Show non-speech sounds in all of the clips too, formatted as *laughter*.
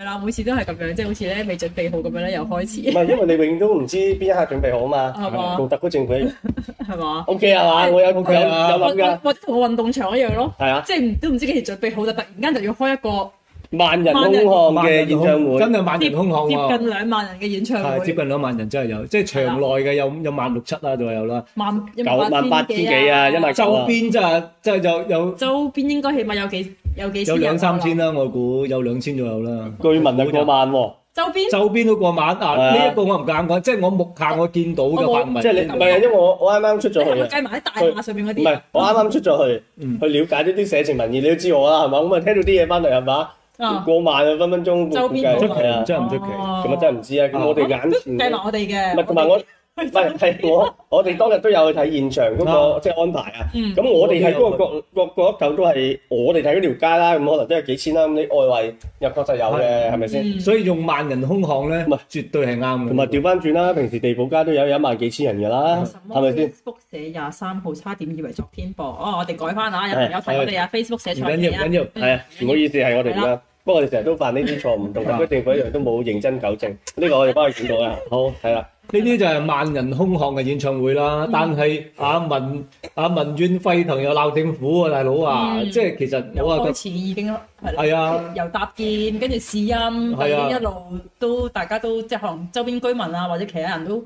係啦，每次都係咁樣，即係好似咧未準備好咁樣咧又開始。唔係，因為你永遠都唔知邊一刻準備好啊嘛，係嘛？特高政府係嘛？O K 係嘛？我有個 K 啊，有冇噶？我，我運動場一樣咯，係啊，即係都唔知幾時準備好，就突然間就要開一個萬人空巷嘅演唱會，真就萬人空巷，人空巷接，接近兩萬人嘅演唱會，接近兩萬人真係有，即係場內嘅有、啊、有萬六七啦，就係、是、有啦。萬九萬八千幾啊，因為周邊即係即係有有。周邊應該起碼有幾？有兩三千啦，我估有兩千左右啦。據聞就過萬喎，周邊周邊都過萬啊！呢一個我唔敢講，即係我目下我見到，即係你唔係啊，因為我我啱啱出咗去，計埋喺大廈上邊嗰啲，唔係我啱啱出咗去，去了解呢啲社情民意，你都知我啦，係嘛？咁啊聽到啲嘢翻嚟，係嘛？過萬啊，分分鐘周邊都過萬，真係唔出奇，咁啊真係唔知啊！咁我哋眼前計埋我哋嘅，唔係同埋我。唔 *laughs* 係，我我哋當日都有去睇現場嗰、嗰個、啊、即係安排啊。咁、嗯嗯嗯、我哋喺嗰個各各各屋都係我哋睇嗰條街啦。咁可能都有幾千啦。咁你外圍入確實有嘅係咪先？所以用萬人空巷咧，唔係絕對係啱嘅。同埋調翻轉啦，平時地堡街都有一萬幾千人㗎啦，係咪先？Facebook 寫廿三號，差點以為昨天噃。哦、oh，我哋改翻啊，有朋友睇我哋啊，Facebook 寫錯嘢啊。唔緊要，唔緊要，係啊，唔、嗯、好意思係我哋啊。不過、啊啊、我哋成日都犯呢啲錯誤，同政府一樣都冇認真糾正。呢 *laughs* 個我哋翻去見到嘅。好，係啦、啊。呢啲就係萬人空巷嘅演唱會啦，但係阿、嗯啊啊、民、阿、啊、民怨沸騰又鬧政府啊，大佬啊，嗯、即係其實當我啊，都開始已經係啊，又搭建跟住試音已經一路都大家都即係可能周邊居民啊或者其他人都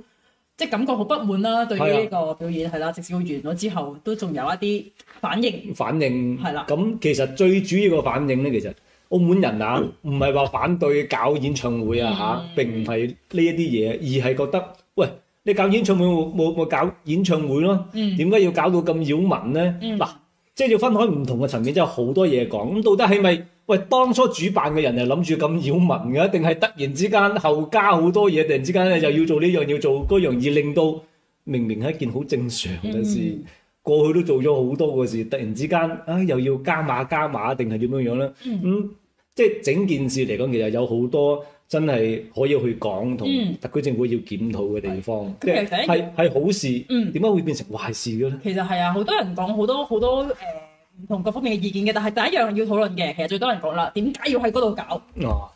即係感覺好不滿啦、啊，對於呢個表演係啦，直至完咗之後都仲有一啲反應，反應係啦。咁其實最主要個反應咧，其實。澳門人啊，唔係話反對搞演唱會啊嚇，mm -hmm. 並唔係呢一啲嘢，而係覺得喂，你搞演唱會冇冇搞演唱會咯、啊？點、mm、解 -hmm. 要搞到咁擾民咧？嗱、mm -hmm. 啊，即係要分開唔同嘅層面，即係好多嘢講。咁到底係咪喂，當初主辦嘅人係諗住咁擾民嘅，定係突然之間後加好多嘢，突然之間又要做呢樣要做嗰樣，而令到明明係一件好正常嘅事，mm -hmm. 過去都做咗好多個事，突然之間啊又要加碼加碼，定係點樣樣咧？咁、mm -hmm. 即係整件事嚟講，其實有好多真係可以去講，同特區政府要檢討嘅地方。係、嗯、係好事，點、嗯、解會變成壞事嘅咧？其實係啊，好多人講好多好多誒唔、呃、同各方面嘅意見嘅，但係第一樣要討論嘅，其實最多人講啦，點解要喺嗰度搞？嗱、哦、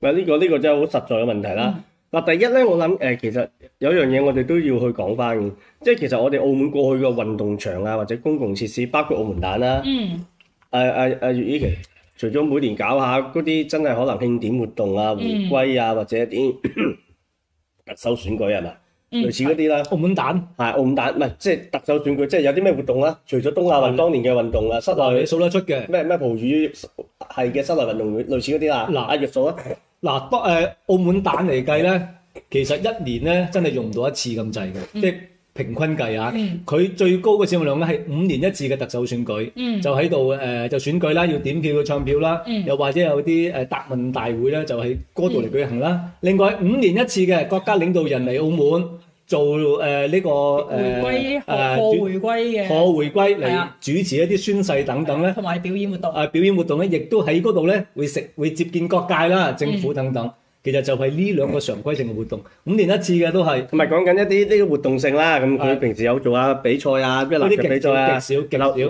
呢、啊呢個呢、呢個真係好實在嘅問題啦。嗱、嗯啊、第一咧，我諗誒、呃，其實有一樣嘢我哋都要去講翻嘅，即係其實我哋澳門過去嘅運動場啊，或者公共設施，包括澳門蛋啦、啊，嗯，誒誒誒，葉伊琪。啊除咗每年搞下嗰啲真係可能慶典活動啊、回歸啊，或者啲特首選舉係嘛、嗯，類似嗰啲啦。澳門蛋係澳門蛋，唔係即係特首選舉，即係有啲咩活動啊？除咗東亞運的當年嘅運動啊，室內數得出嘅咩咩葡語系嘅室內運動會，類似嗰啲啊，嗱啊約啊，嗱，當誒澳門蛋嚟計咧，其實一年咧真係用唔到一次咁滯嘅，即、嗯、係。平均計啊，佢、嗯、最高嘅市民量咧係五年一次嘅特首選舉，嗯、就喺度誒就選舉啦，要點票嘅唱票啦、嗯，又或者有啲誒答問大會咧，就喺嗰度嚟舉行啦。嗯、另外五年一次嘅國家領導人嚟澳門做誒呢、呃這個誒誒賀回歸嘅賀回歸嚟主持一啲宣誓等等咧，同埋表演活動、呃、表演活動咧，亦都喺嗰度咧會食會接見各界啦、政府等等。嗯其實就係呢兩個常規性嘅活動，五、嗯、年一次嘅都係。同埋講緊一啲啲活動性啦，咁佢平時有做下比賽啊，啲籃球比賽啊，少，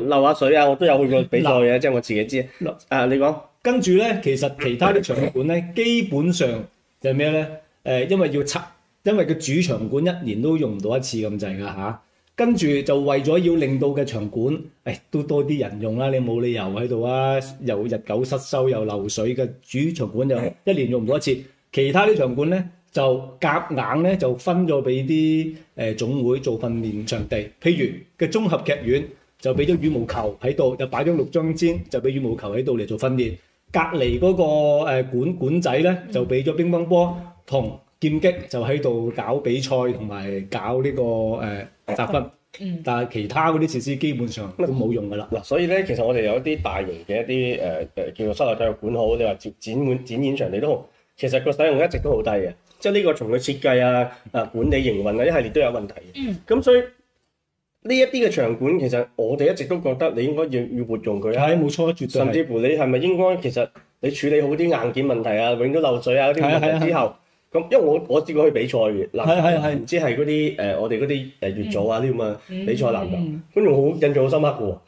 漏下水啊，我都有去過比賽嘅、啊，即係我自己知。啊，你講。跟住咧，其實其他啲場館咧，基本上就係咩咧？誒，因為要測，因為個主場館一年都用唔到一次咁滯㗎嚇。跟住就為咗要令到嘅場館，誒、哎，都多啲人用啦、啊，你冇理由喺度啊，又日久失修又漏水嘅主場館就一年用唔到一次。嗯其他啲場館咧就夾硬咧就分咗俾啲誒總會做訓練場地，譬如嘅綜合劇院就俾咗羽毛球喺度，就擺咗六張氈就俾羽毛球喺度嚟做訓練。隔離嗰個管管仔咧就俾咗乒乓波，同劍擊就喺度搞比賽同埋搞呢、這個誒、呃、集訓。但係其他嗰啲設施基本上都冇用噶啦。嗱，所以咧其實我哋有一啲大型嘅一啲誒誒叫做室內體育館好，你話展展演場地都好。其實個使用一直都好低嘅，即係呢個從佢設計啊、啊管理營運啊一系列都有問題嘅。咁、嗯、所以呢一啲嘅場館，其實我哋一直都覺得你應該要要活用佢啊。係冇錯，絕對。甚至乎你係咪應該其實你處理好啲硬件問題啊，永咗漏水啊嗰啲問題之後，咁因為我我試過去比賽嗱，係係係，唔、啊啊啊、知係嗰啲誒我哋嗰啲誒粵組啊啲咁嘅比賽籃球，跟住好印象好深刻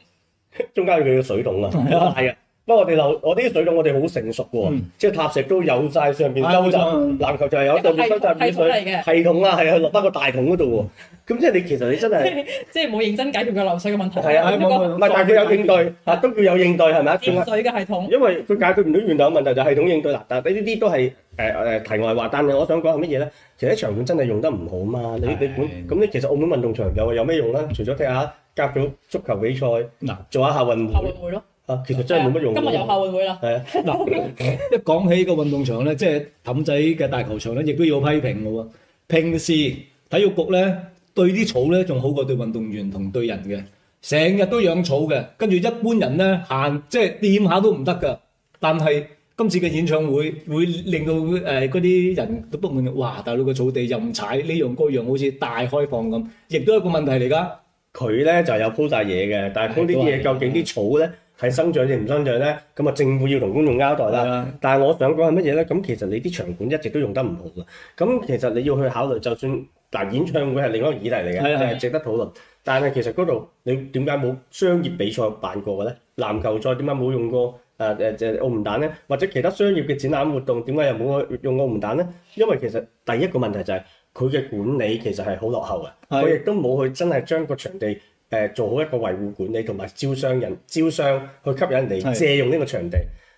喎， *laughs* 中間佢個水桶啊。 *laughs* 不過我哋流我啲水道，我哋好成熟喎，即係塔石都有曬上邊收集。籃球就係有上邊收集水系統啊，係啊，落返個大桶嗰度喎。咁即係你其實你真係即係冇認真解決個漏水嘅問題。係啊，唔係但係佢有應對吓，都叫有應對係咪？應對嘅系統。因為佢解決唔到原嚟嘅問題，就係系統應對啦。但係呢啲都係誒誒題外話。但係我想講係乜嘢咧？其實啲場館真係用得唔好嘛。你你本咁咧，其實澳門運動場又係有咩用咧？除咗踢下甲組足球比賽，嗱做下校運會。校運會咯。啊，其實真係冇乜用的。今日又校會唔會啦？係啊，嗱， *laughs* *laughs* 一講起個運動場咧，即係氹仔嘅大球場咧，亦都要批評嘅。平時體育局咧對啲草咧仲好過對運動員同對人嘅，成日都養草嘅，跟住一般人咧行即係掂下都唔得㗎。但係今次嘅演唱會會令到誒嗰啲人都不滿哇！大陸個草地又唔踩，呢樣嗰樣好似大開放咁，亦都係一個問題嚟㗎。佢、嗯、咧就有鋪晒嘢嘅，但係鋪啲嘢究竟啲草咧？係生長定唔生長咧？咁啊，政府要同公眾交代啦。係啦。但係我想講係乜嘢咧？咁其實你啲場館一直都用得唔好㗎。咁其實你要去考慮，就算嗱，演唱會係另一個議題嚟嘅，係值得討論。但係其實嗰度你點解冇商業比賽辦過嘅咧？籃球賽點解冇用過誒誒誒澳門蛋咧？或者其他商業嘅展覽活動點解又冇用澳門蛋咧？因為其實第一個問題就係佢嘅管理其實係好落後嘅。係。我亦都冇去真係將個場地，誒做好一個維護管理同埋招商人招商去吸引人嚟借用呢個場地，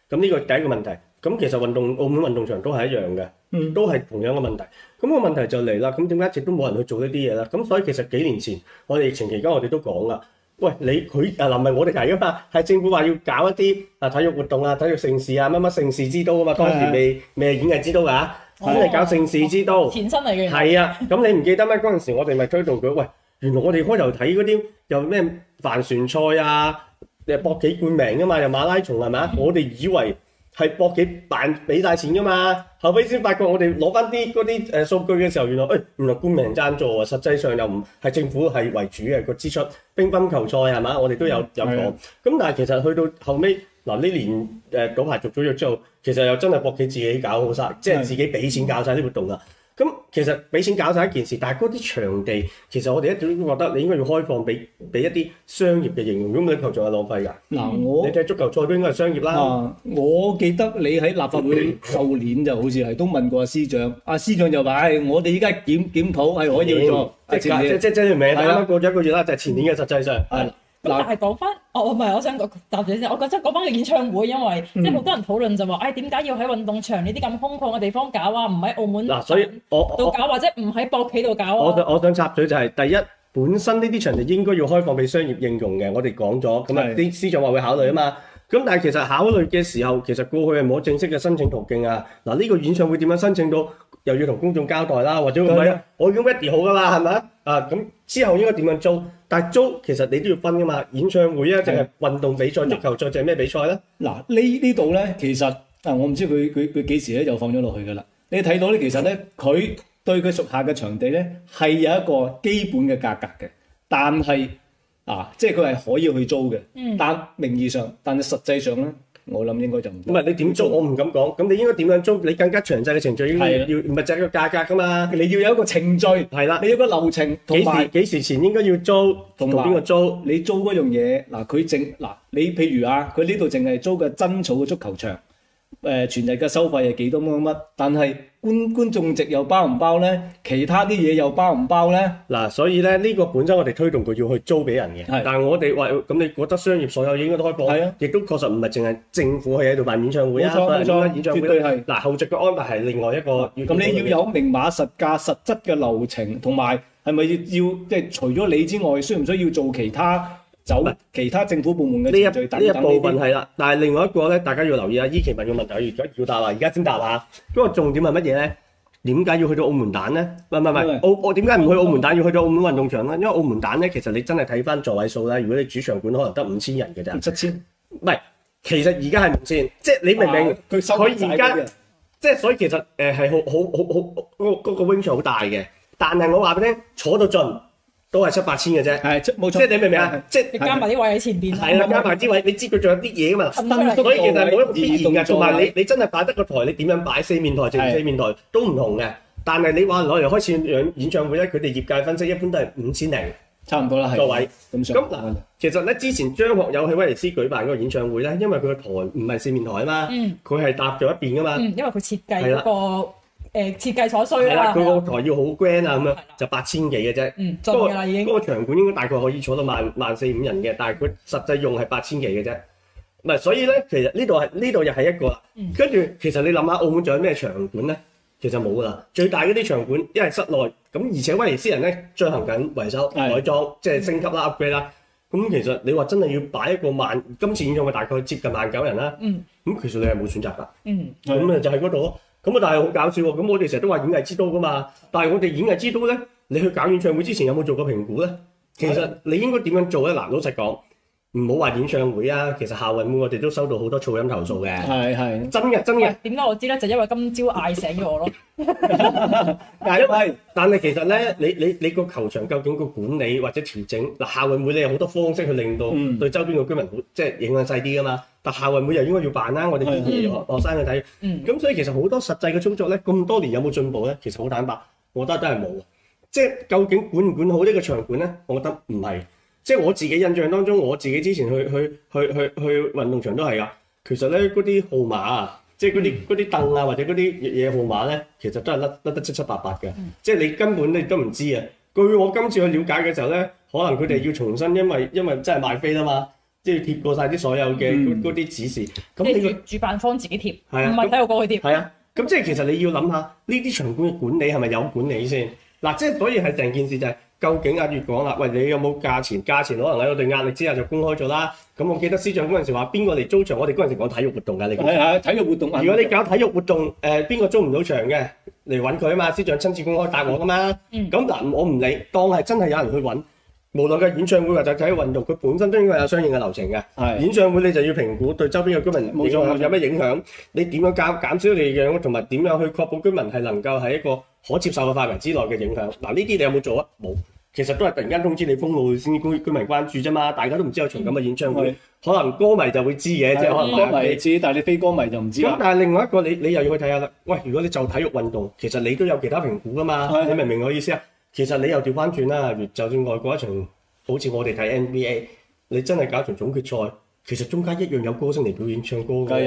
咁呢個第一個問題。咁其實運動澳門運動場都係一樣嘅，都係同樣嘅問題。咁個問題就嚟啦。咁點解一直都冇人去做呢啲嘢咧？咁所以其實幾年前我哋疫情期間我哋都講啦，喂，你佢啊嗱，唔係，我哋提噶嘛？係政府話要搞一啲啊體育活動啊、體育盛事啊、乜乜盛事之都啊嘛。當時未咩演藝之都啊，今日搞盛事之都。前身嚟嘅。係啊，咁你唔記得咩？嗰陣時我哋咪推動佢喂。原來我哋開頭睇嗰啲又咩帆船賽啊，誒博企冠名嘅嘛，又馬拉松係咪？我哋以為係博企辦俾晒錢嘅嘛，後尾先發覺我哋攞翻啲嗰啲誒數據嘅時候，原來誒、哎、原來冠名贊助實實際上又唔係政府係為主嘅個支出。乒乓球賽係咪？我哋都有有講，咁但係其實去到後尾，嗱呢年誒嗰排續咗之後其實又真係博企自己搞好晒，即係自己俾錢搞晒啲活動啊。咁其實俾錢搞晒一件事，但係嗰啲場地其實我哋一直都覺得你應該要開放俾俾一啲商業嘅形容。咁你球場係浪費㗎。嗱、嗯，我你踢足球賽都應該係商業啦，啊。我記得你喺立法會舊年就好似係都問過阿司長，阿 *laughs* 司長就話，哎：，我哋依家檢檢討，係可以做，嗯、即即即即係咩？係啦，啊，過咗一個月啦，就係，是，前年嘅實際上。但係講翻，我唔係，我想插嘴先。我覺得講翻個演唱會，因為即係好多人討論就話，誒點解要喺運動場呢啲咁空曠嘅地方搞啊？唔喺澳門嗱、啊，所以我我搞或者唔喺博企度搞啊。我我想插嘴就係、是，第一本身呢啲場地應該要開放俾商業應用嘅。我哋講咗，咁啲司長話會考慮啊嘛。咁但係其實考慮嘅時候，其實過去係冇正式嘅申請途徑啊。嗱、啊、呢、呢個演唱會點樣申請到？又要同公眾交代啦，或者係啊？我已經 ready 好噶啦，係咪啊？咁之後應該點樣租？但租其實你都要分噶嘛，演唱會啊，定係運動比賽、足球賽定係咩比賽咧？嗱、啊，這裡呢呢度咧，其實啊，我唔知佢佢佢幾時咧又放咗落去噶啦。你睇到咧，其實咧，佢對佢屬下嘅場地咧係有一個基本嘅價格嘅，但係啊，即係佢係可以去租嘅、嗯，但名義上，但係實際上咧。我諗應該就唔咁你點租我唔敢講，咁你應該點樣租？你更加詳細嘅程序要要，唔係只係個價格㗎嘛？你要有一個程序，係啦，你要有一個流程，幾時幾時前應該要租，同埋邊個租你租嗰樣嘢嗱，佢淨嗱你譬如啊，佢呢度淨係租個真草嘅足球場，呃、全日嘅收費係幾多乜乜，但係。觀觀眾席又包唔包呢？其他啲嘢又包唔包呢？嗱、啊，所以呢，呢個本身我哋推動佢要去租俾人嘅。係，但係我哋話咁，你覺得商業所有嘢應該都開放。啊，亦都確實唔係淨係政府去喺度辦演唱會啊。演唱會絕對係。嗱、啊，後續嘅安排係另外一個。咁你要有明碼實價、實質嘅流程，同埋係咪要即係、就是、除咗你之外，需唔需要做其他？其他政府部門嘅呢一呢一部分係啦，但係另外一個咧，大家要留意啊！依期問嘅問題，而家要，要答啦，而家先答下。咁啊，重點係乜嘢咧？點解要去到澳門蛋咧？唔係唔係澳，我點解唔去澳門蛋是是，要去到澳門運動場咧？因為澳門蛋咧，其實你真係睇翻座位數啦。如果你主場館可能得五千人嘅咋，七千。唔係，其實而家係五千，即係你明明佢佢而家，即、啊、係所以其實誒係好好好好嗰個嗰個 range 好大嘅，但係我話俾你聽，坐到盡。都係七八千嘅啫，即係、冇錯、你明唔明啊？即係你加埋啲位喺前邊，係、就、啦、是，加埋啲位，的的這位的，你知佢仲有啲嘢噶嘛？所以其實冇一個必然嘅，同埋你你真係擺得個台，你點樣擺四面台就四面台都唔同嘅。但係你話攞嚟開始演唱會咧，佢、嗯、哋業界分析一般都係五千零，差唔多啦。各位咁，嗱，其實咧之前張學友喺威尼斯舉辦嗰個演唱會咧，因為佢個台唔係四面台啊嘛，佢、嗯、係搭咗一邊噶嘛、嗯，因為佢設計個。誒，設計所需啦，係啦、啊，佢個、啊、台，要好 grand 啊，咁樣就八千幾嘅啫。嗯，盡、那、嗰、個那個場館應該大概可以坐到萬萬四五人嘅，但係佢實際用係八千幾嘅啫。唔係，所以咧，其實呢度係呢度又係一個啦。跟、嗯、住，其實你諗下，澳門仲有咩場館咧？其實冇噶啦。最大嗰啲場館，一係室內，咁而且威尼斯人咧進行緊維修、改、嗯、裝，即係、就是、升級啦、upgrade、嗯、啦。咁、嗯、其實你話真係要擺一個萬，今次演唱會大概接近萬九人啦。嗯。咁其實你係冇選擇噶。嗯。咁啊、那個，就喺嗰度咯。那個咁啊，但係好搞笑喎！咁我哋成日都話演藝之都㗎嘛，但係我哋演藝之都呢，你去搞演唱會之前有冇做過評估呢？其實你應該點樣做呢？嗱，老實講，唔好話演唱會呀、啊。其實校運會我哋都收到好多噪音投訴嘅。係，係，真嘅真嘅。點解我知呢？就因為今朝嗌醒咗我囉。 *laughs* *laughs* 但係但係其實呢，你你個球場究竟個管理或者調整，校運會你有好多方式去令到對周邊嘅居民即係影響細啲㗎嘛？嗯但校運每日應該要辦啦，我哋啲學生去睇，咁、嗯、所以其實好多實際嘅操作呢，咁多年有冇進步呢？其實好坦白，我覺得都係冇，即係究竟管唔管好呢個場館呢？我覺得唔係，即係我自己印象當中，我自己之前去去去去去運動場都係啊，其實呢，嗰啲號碼，嗯、即係嗰啲嗰啲凳啊或者嗰啲嘢號碼呢，其實都係甩甩得七七八八嘅、嗯，即係你根本你都唔知啊。據我今次去了解嘅時候呢，可能佢哋要重新，因為因為真係賣飛吖嘛。即、就、係、是、貼過晒啲所有嘅嗰啲指示，咁、嗯、你主辦方自己貼，唔係體育局去貼。係啊，咁、啊、即係其實你要諗下呢啲場館嘅管理係咪有管理先？嗱、啊，即係所以係成件事就係、是，究竟阿、啊、月講啦，喂，你有冇價錢？價錢可能喺我哋壓力之下就公開咗啦。咁我記得司長嗰陣時話，邊個嚟租場？我哋嗰陣時講體育活動㗎，你講係啊，體育活動。如果你搞體育活動，誒邊個租唔到場嘅嚟揾佢啊嘛？司長親自公開答我㗎嘛？咁、嗯、嗱，我唔理，當係真係有人去揾。無論係演唱會或者體育運動，佢本身都應該有相應嘅流程嘅。係演唱會你就要評估對周邊嘅居民冇錯有咩影響，你點樣減減少影響，同埋點樣去確保居民係能夠喺一個可接受嘅範圍之內嘅影響。嗱呢啲你有冇做啊？冇，其實都係突然間通知你封路先居居民關注啫嘛，大家都唔知有場咁嘅演唱會，可能歌迷就會知嘅啫，可能歌迷知，但係你,你非歌迷就唔知咁但係另外一個你你又要去睇下啦。喂，如果你做體育運動，其實你都有其他評估噶嘛，你明唔明我意思啊？其實你又調翻轉啦，就算外國一場，好似我哋睇 NBA，你真係搞一場總決賽，其實中間一樣有歌星嚟表演唱歌噶，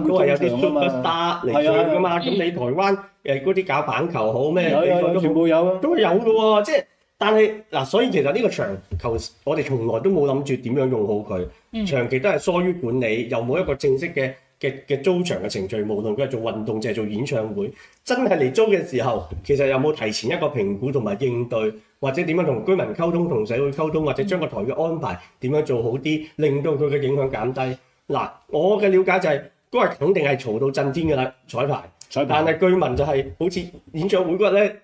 都係有啲 super star 嚟唱噶嘛。咁、嗯、你台灣誒嗰啲搞棒球好咩？嗯、全部有啊，都有噶喎、喔。即、就、係、是，但係嗱、啊，所以其實呢個場球，我哋從來都冇諗住點樣用好佢，長、嗯、期都係疏於管理，又冇一個正式嘅。嘅嘅租場嘅程序，無論佢係做運動定係做演唱會，真係嚟租嘅時候，其實有冇提前一個評估同埋應對，或者點樣同居民溝通、同社會溝通，或者將個台嘅安排點樣做好啲，令到佢嘅影響減低？嗱，我嘅了解就係嗰日肯定係嘈到震天㗎啦，彩排。彩排。但係據聞就係、是、好似演唱會嗰日咧，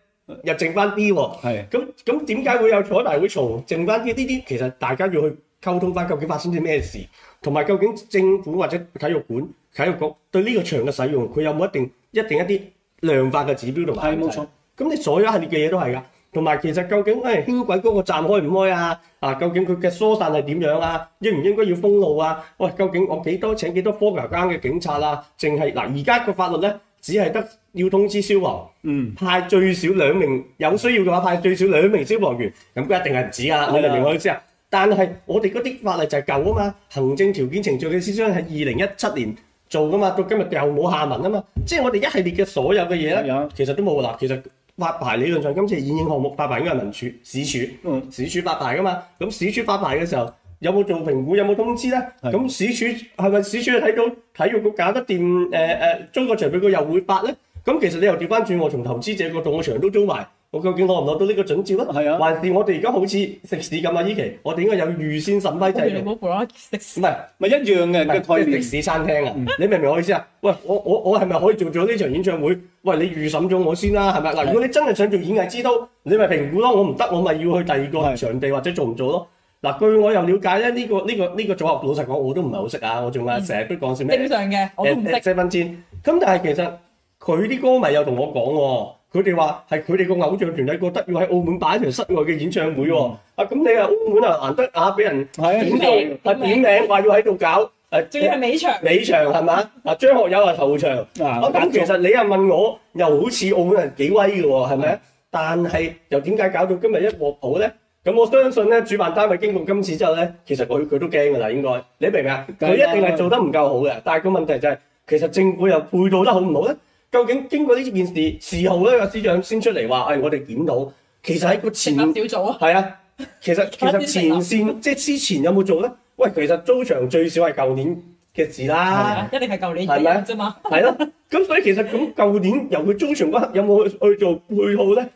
又剩翻啲喎。係。咁咁點解會有彩排會嘈剩翻啲呢啲？其實大家要去溝通翻，究竟發生啲咩事？同埋究竟政府或者體育館、體育局對呢個場嘅使用，佢有冇一,一定一定一啲量化嘅指標同埋。係冇錯。咁你所有係呢嘅嘢都係㗎，同埋其實究竟誒輕軌、哎、那嗰個站開唔開啊？啊，究竟佢嘅疏散係點樣啊？應唔應該要封路啊？喂、哎，究竟我多少請幾多多格的嘅警察啊？淨係嗱，而家個法律呢，只係得要通知消防，嗯，派最少兩名有需要嘅話，派最少兩名消防員，咁一定係唔止啊，你明唔明我意思啊？但係我哋嗰啲法例就係舊啊嘛，行政條件程序嘅諮詢係二零一七年做噶嘛，到今日又冇下文啊嘛，即係我哋一系列嘅所有嘅嘢咧，其實都冇啊嗱，其實發牌理論上今次演影項目發牌應該係民署市署，嗯，市署發牌噶嘛，咁市署發牌嘅時候有冇做評估，有冇通知咧？咁市署係咪市署睇到體育局搞得掂？誒、呃、誒，租個場俾佢又會發咧？咁其實你又調翻轉我從投資者角度我場都租埋。我究竟攞唔攞到呢個准照還是、啊、我哋而家好似食屎咁、就是、啊？依期我哋應該有預先審批制度。唔係，咪一樣嘅，佢台迪屎餐廳啊，你明唔明我意思啊？ *laughs* 喂，我我我係咪可以做咗呢場演唱會？喂，你預審咗我先啦、啊，係咪嗱？如果你真係想做演藝之都，你咪評估咯。我唔得，我咪要去第二個場地或者做唔做咯。嗱，據我又了解咧，呢、呢個呢、呢個呢、呢個組合，老實講，我都唔係好識啊。我仲咪成日都講笑咩？正常嘅、啊、我都唔識。三、啊啊、但其實佢啲歌迷有同我講喎、啊。佢哋話係佢哋個偶像團體覺得要喺澳門擺一場室外嘅演唱會喎、哦嗯，啊咁你啊澳門啊難得啊俾人點、點名，係點名話要喺度搞，誒、啊、仲要係尾場，尾場係嘛？嗱 *laughs* 張學友啊頭場，啊咁、啊嗯嗯嗯、其實你又問我，又好似澳門人幾威嘅喎、哦，係咪、嗯？但係又點解搞到今日一鑊泡咧？咁我相信咧，主辦單位經過今次之後咧，其實佢佢都驚㗎啦，應該你明唔明啊？佢、就是、一定係做得唔夠好嘅，但係個問題就係、是，其實政府又配套得好唔好咧？究竟經過呢件事事後咧，個司長先出嚟話：誒、哎，我哋檢討，其實喺個前，係啊，啊，其實其實前線即係之前有冇做咧？喂，其實租場最少係舊年嘅事啦、啊啊，一定係舊年是，係咪啊？啫 *laughs* 嘛、啊，係咯。咁所以其實咁舊年由佢租場嗰刻有冇去做配套咧？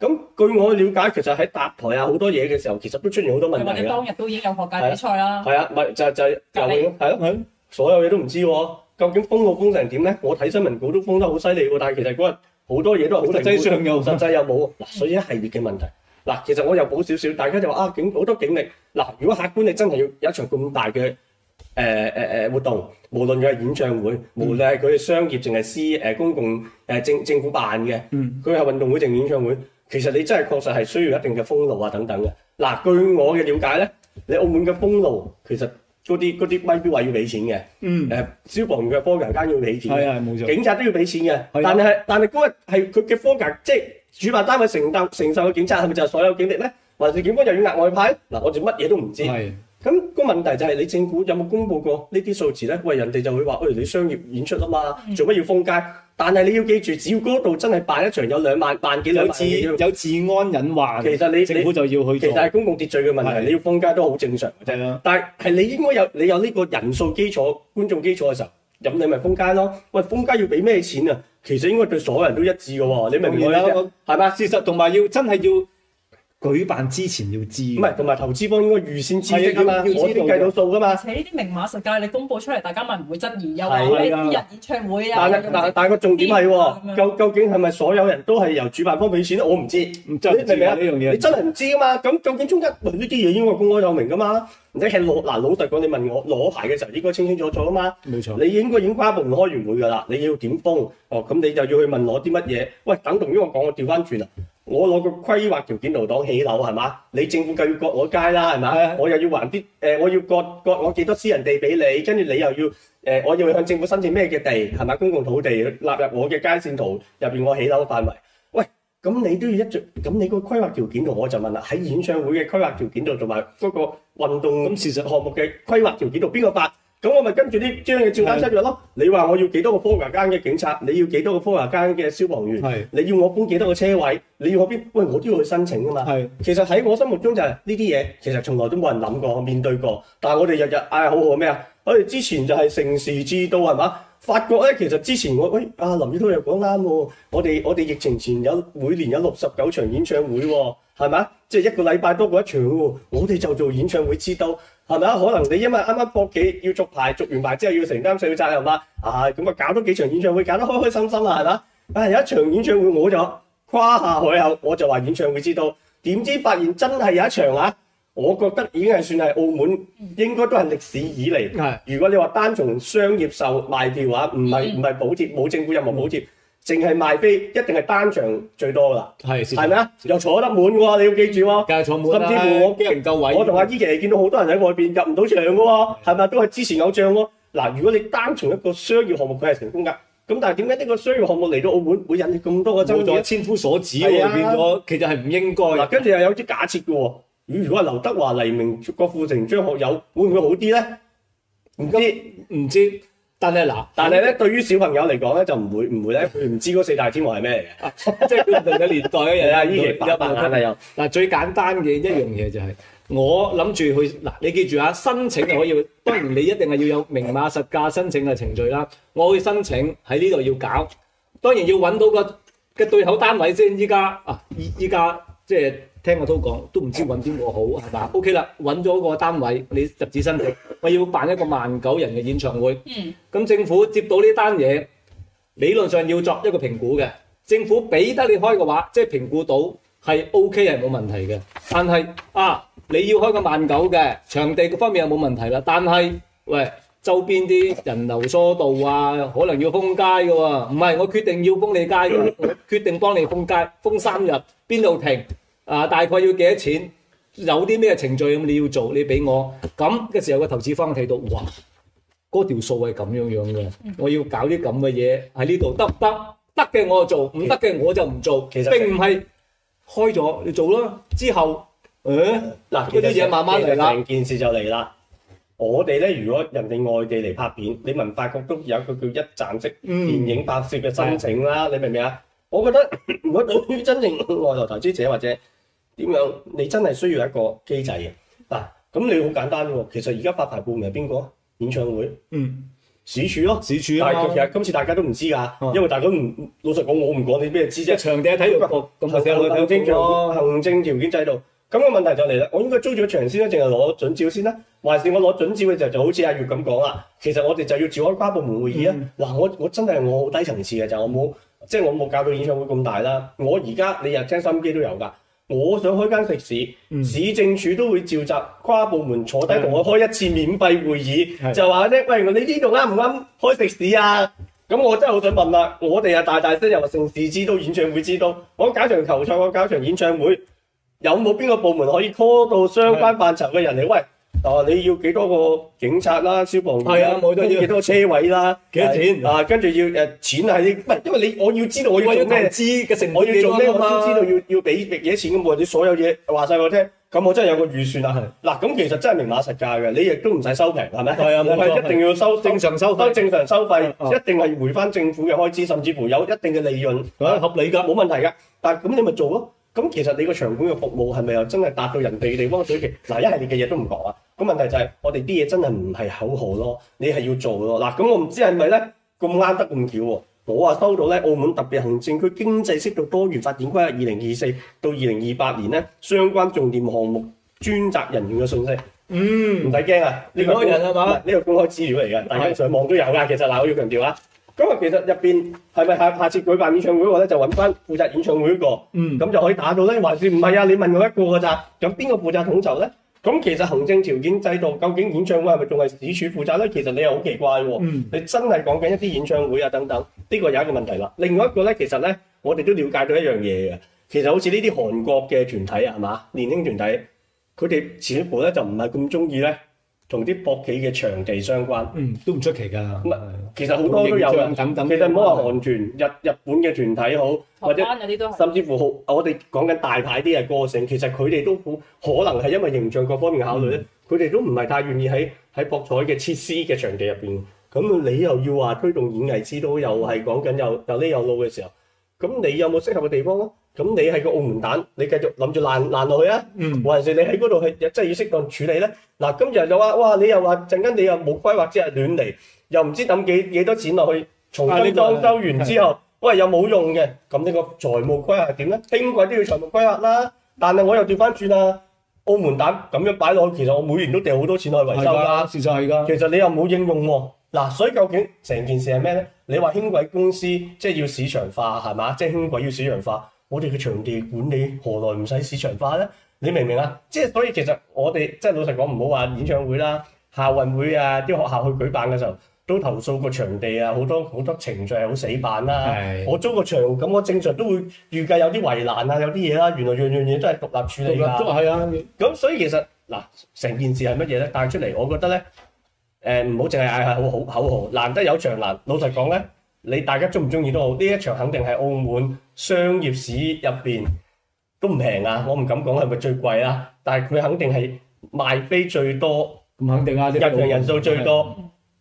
咁據我了解，其實喺搭台啊好多嘢嘅時候，其實都出現好多問題嘅。當日都已經有學界比賽啦，係啊，咪、啊、就就就係，係咯、啊啊啊，所有嘢都唔知喎、啊。究竟封路封成點呢？我睇新聞稿都封得好犀利喎，但係其實嗰日好多嘢都好實際上又實際有冇嗱，所以一系列嘅問題嗱，其實我又補少少，大家就話啊警好多警力嗱，如果客觀你真係要有一場咁大嘅誒誒誒活動，無論佢係演唱會，嗯、無論係佢商業定係私誒公共誒政、呃、政府辦嘅，佢、嗯、係運動會定演唱會，其實你真係確實係需要一定嘅封路啊等等嘅嗱。據、啊、我嘅了解咧，你澳門嘅封路其實。嗰啲嗰啲咪都話要俾錢嘅，嗯，誒消防員嘅風格要俾錢，係啊，冇錯，警察都要俾錢嘅，但係但係嗰個係佢嘅風格，即係主辦單位承擔承受嘅警察係咪就係所有警力呢？還是警方又要額外派？嗱，我就乜嘢都唔知。咁個問題就係你政府有冇公佈過呢啲數字呢？喂，人哋就會話：，喂、哎，你商業演出啦嘛，做乜要封街？但係你要記住，只要嗰度真係辦一場有兩萬萬幾兩萬，有治安隱患，其實你你，政府就要去做。其實係公共秩序嘅問題的，你要封街都好正常嘅啫。但係你應該有你有呢個人數基礎、觀眾基礎嘅時候，咁你咪封街咯。喂，封街要畀咩錢啊？其實應該對所有人都一致㗎喎，你明唔明係咪？事實同埋要真係要。舉辦之前要知，唔係同埋投資方應該預先知悉嘛，要攞先計到數噶嘛。而且呢啲明碼實價，你公佈出嚟，大家咪唔會質疑。又或者啲人演唱會啊，但係但係但係個重點係、啊、究究竟係咪所有人都係由主辦方俾錢咧？我唔知，唔就係唔明呢樣嘢。你真係唔知啊嘛？咁究竟中間呢啲嘢應該公開透明噶嘛？唔使係攞嗱老實講，你問我攞牌嘅時候應該清清楚楚啊嘛，冇錯。你應該已經跨部門開完會噶啦，你要點封？哦，咁你就要去問攞啲乜嘢？喂，等同於我講，我調翻轉啊！我攞個規劃條件圖當起樓係嘛？你政府就要割我街啦係嘛？我又要還啲、呃、我要割割我幾多私人地俾你，跟住你又要誒、呃，我要向政府申請咩嘅地係嘛？公共土地納入我嘅街線圖入面我起樓範圍。喂，咁你都要一張，咁你個規劃條件圖我就問啦，喺演唱會嘅規劃條件圖同埋嗰個運動咁事實項目嘅規劃條件圖邊個發？咁我咪跟住啲張嘅照單出咗囉。你話我要幾多個科學館嘅警察？你要幾多個科學館嘅消防員？你要我搬幾多個車位？你要我邊？喂，我都要去申請噶嘛。其實喺我心目中就係呢啲嘢，其實從來都冇人諗過、面對過。但我哋日日唉，哎哎、好好咩呀？我哋、哎、之前就係盛事之都係嘛？發覺呢，其實之前我喂、哎、啊林宇滔又講啱喎。我哋我哋疫情前有每年有六十九場演唱會喎、哦，係嘛？即、就、係、是、一個禮拜多過一場喎。我哋就做演唱會之都。係咪啊？可能你因為啱啱博幾要續牌，續完牌之後要承擔社會責任啦。啊，咁啊搞多幾場演唱會，搞得開開心心啦，係咪啊？啊、哎，有一場演唱會我就誇下海口，我就話演唱會知道，點知發現真係有一場啊！我覺得已經係算係澳門，應該都係歷史以來。如果你話單從商業售賣票嘅話，唔係唔係補貼，冇政府任何補貼。.淨係賣飛，一定係單場最多噶啦，係咪啊？又坐得滿嘅喎，你要記住喎，甚至乎我唔夠位。我同阿依琪見到好多人喺外邊入唔到場嘅喎，係咪都係支持偶像咯。嗱，如果你單從一個商業項目佢係成功噶，咁但係點解呢個商業項目嚟到澳門會引起咁多嘅爭議？變咗千夫所指啊！變咗，其實係唔應該。嗱，跟住又有啲假設嘅喎，如果係劉德華、黎明、郭富城、張學友，會唔會好啲咧？唔知，唔知。但係嗱，但係咧、嗯，對於小朋友嚟講咧，就唔會唔會咧，佢唔知嗰四大天王係咩嚟嘅，即係唔同嘅年代嘅人啊，依然有辦法啊，有 *laughs* 嗱最簡單嘅一樣嘢就係、是，我諗住去嗱、啊，你記住啊，申請就可以，當然你一定係要有明碼實價申請嘅程序啦，我去申請喺呢度要搞，當然要揾到個嘅對口單位先，依家啊，依依家即係。聽我都講，都唔知揾邊個好係嘛？O K 啦，揾咗、OK、個單位，你入紙申請，我要辦一個萬九人嘅演唱會。咁、嗯、政府接到呢單嘢，理論上要作一個評估嘅。政府俾得你開嘅話，即、就、係、是、評估到係 O K 係冇問題嘅。但係啊，你要開個萬九嘅場地嘅方面係冇問題啦。但係喂，周邊啲人流疏導啊，可能要封街㗎喎、啊。唔係我決定要封你街嘅，決定幫你封街封三日，邊度停？啊，大概要幾多錢？有啲咩程序咁你要做？你俾我咁嘅時候，個投資方睇到，哇，嗰條數係咁樣樣嘅，我要搞啲咁嘅嘢喺呢度得唔得？得嘅我就做，唔得嘅我就唔做。其實並唔係開咗你做咯，之後，嗯，嗱，嗰啲嘢慢慢嚟啦。成件事就嚟啦。我哋咧，如果人哋外地嚟拍片，你文化局都有個叫一站式電影拍攝嘅申請啦。你明唔明啊？我覺得，如果對於真正內地投資者或者，點樣？你真係需要一個機制嘅、啊、嗱，咁、嗯啊、你好簡單喎、啊。其實而家發牌部門係邊個？演唱會，嗯，市處咯，市處。係其實今次大家都唔知㗎，啊、因為大家都唔，老實講我唔講你咩知啫、啊。場地體育局，行政條件制度。咁、個問題就嚟啦，我應該租住個場先啦，定係攞準照先啦、啊？還是我攞準照嘅時候就好似阿月咁講啦？其實我哋就要召開跨部門會議、嗯、啊。嗱，我我真係我好低層次嘅，就是、我冇，即、就、係、是、我冇搞到演唱會咁大啦、啊。我而家你日聽收音機都有㗎。我想開間食肆、嗯，市政署都會召集跨部門坐低同我開一次免費會議，就話呢，喂，你呢度啱唔啱開食肆啊？咁我真係好想問啦，我哋啊大大聲又話城市之都演唱會之都，我搞場球賽，我搞場演唱會，有冇邊個部門可以 call 到相關範疇嘅人嚟喂？啊、你要幾多少個警察啦、消防員啦，冇、啊、都要幾多少個車位啦、幾多少錢啊，啊？跟住要誒、呃、錢係唔係？因為你我要知道我要做咩資我要做咩、啊、我要知道要要俾幾多錢咁喎？你所有嘢話晒我聽，咁我真係有個預算啦、啊。嗱、啊，咁其實真係明碼實價嘅，你亦都唔使收平，係咪、啊？一定要收正常收、費、啊啊、正常收費，是啊、一定係回返政府嘅開支，甚至乎有一定嘅利潤，啊啊、合理㗎，冇問題㗎。但咁你咪做咯、啊。咁其實你個場館嘅服務係咪又真係達到人哋地方水平？嗱， *laughs* 一系列嘅嘢都唔講咁問題就係、啊嗯，我哋啲嘢真係唔係口號囉，你係要做囉。嗱，咁我唔知係咪呢？咁啱得咁巧喎。我話收到呢，澳門特別行政區經濟適度多元發展規劃二零二四到二零二八年呢，相關重點項目專責人員嘅信息。嗯，唔使驚啊，係公開人啊嘛，呢個公開資料嚟㗎，大家上網都有噶。其實嗱，我要強調啊，咁其實入面係咪下下次舉辦演唱會話呢，就揾返負責演唱會嗰個，嗯，咁就可以打到呢？還是唔係呀？你問我一個嘅咋？有邊個負責統籌呢？咁其實行政條件制度究竟演唱會係咪仲係市署負責呢？其實你又好奇怪喎。嗯，你真係講緊一啲演唱會呀等等，呢個有一個問題啦。另外一個呢，其實呢，我哋都了解到一樣嘢嘅，其實好似呢啲韓國嘅團體呀，係嘛年輕團體，佢哋似乎呢，就唔係咁鍾意呢。同啲博企嘅場地相關，嗯，都唔出奇㗎。唔係，其實好多都有嘅。感感感其實唔好話韓團、日日本嘅團體好，或者甚至乎好我我哋講緊大牌啲嘅歌星，其實佢哋都好，可能係因為形象各方面考慮咧，佢、嗯、哋都唔係太願意喺喺博彩嘅設施嘅場地入邊。咁你又要話推動演藝之都，又係講緊有有呢有路嘅時候，咁你有冇適合嘅地方咧？咁你係個澳門蛋，你繼續諗住爛爛落去啊？還、嗯、是你喺嗰度係真係要適當處理咧？嗱、啊，今日又話哇，你又話陣間你又冇規劃即係、就是、亂嚟，又唔知抌幾幾多錢落去重新裝修完之後，啊、喂又冇用嘅。咁呢個財務規劃係點咧？輕軌都要財務規劃啦，但係我又調翻轉啊，澳門蛋咁樣擺落去，其實我每年都掉好多錢落去維修㗎，事實係㗎。其實你又冇應用喎、啊。嗱、啊，所以究竟成件事係咩咧？你話輕軌公司即係要市場化係嘛？即係輕軌要市場化。我哋嘅場地管理何來唔使市場化咧？你明唔明啊？即係所以其實我哋即係老實講，唔好話演唱會啦、校運會啊，啲學校去舉辦嘅時候都投訴個場地啊，好多好多程序係好死板啦。我租個場咁，我正常都會預計有啲圍欄啊，有啲嘢啦，原來樣樣嘢都係獨立處理㗎。都係啊，咁所以其實嗱，成件事係乜嘢咧？帶出嚟，我覺得咧，誒唔好淨係嗌係好口號，難得有場難，老實講咧。你大家鍾唔鍾意都好，呢一場肯定係澳門商業史入邊都唔平啊！我唔敢講係咪最貴啊，但係佢肯定係賣飛最多，咁肯定啊！入場人數最多，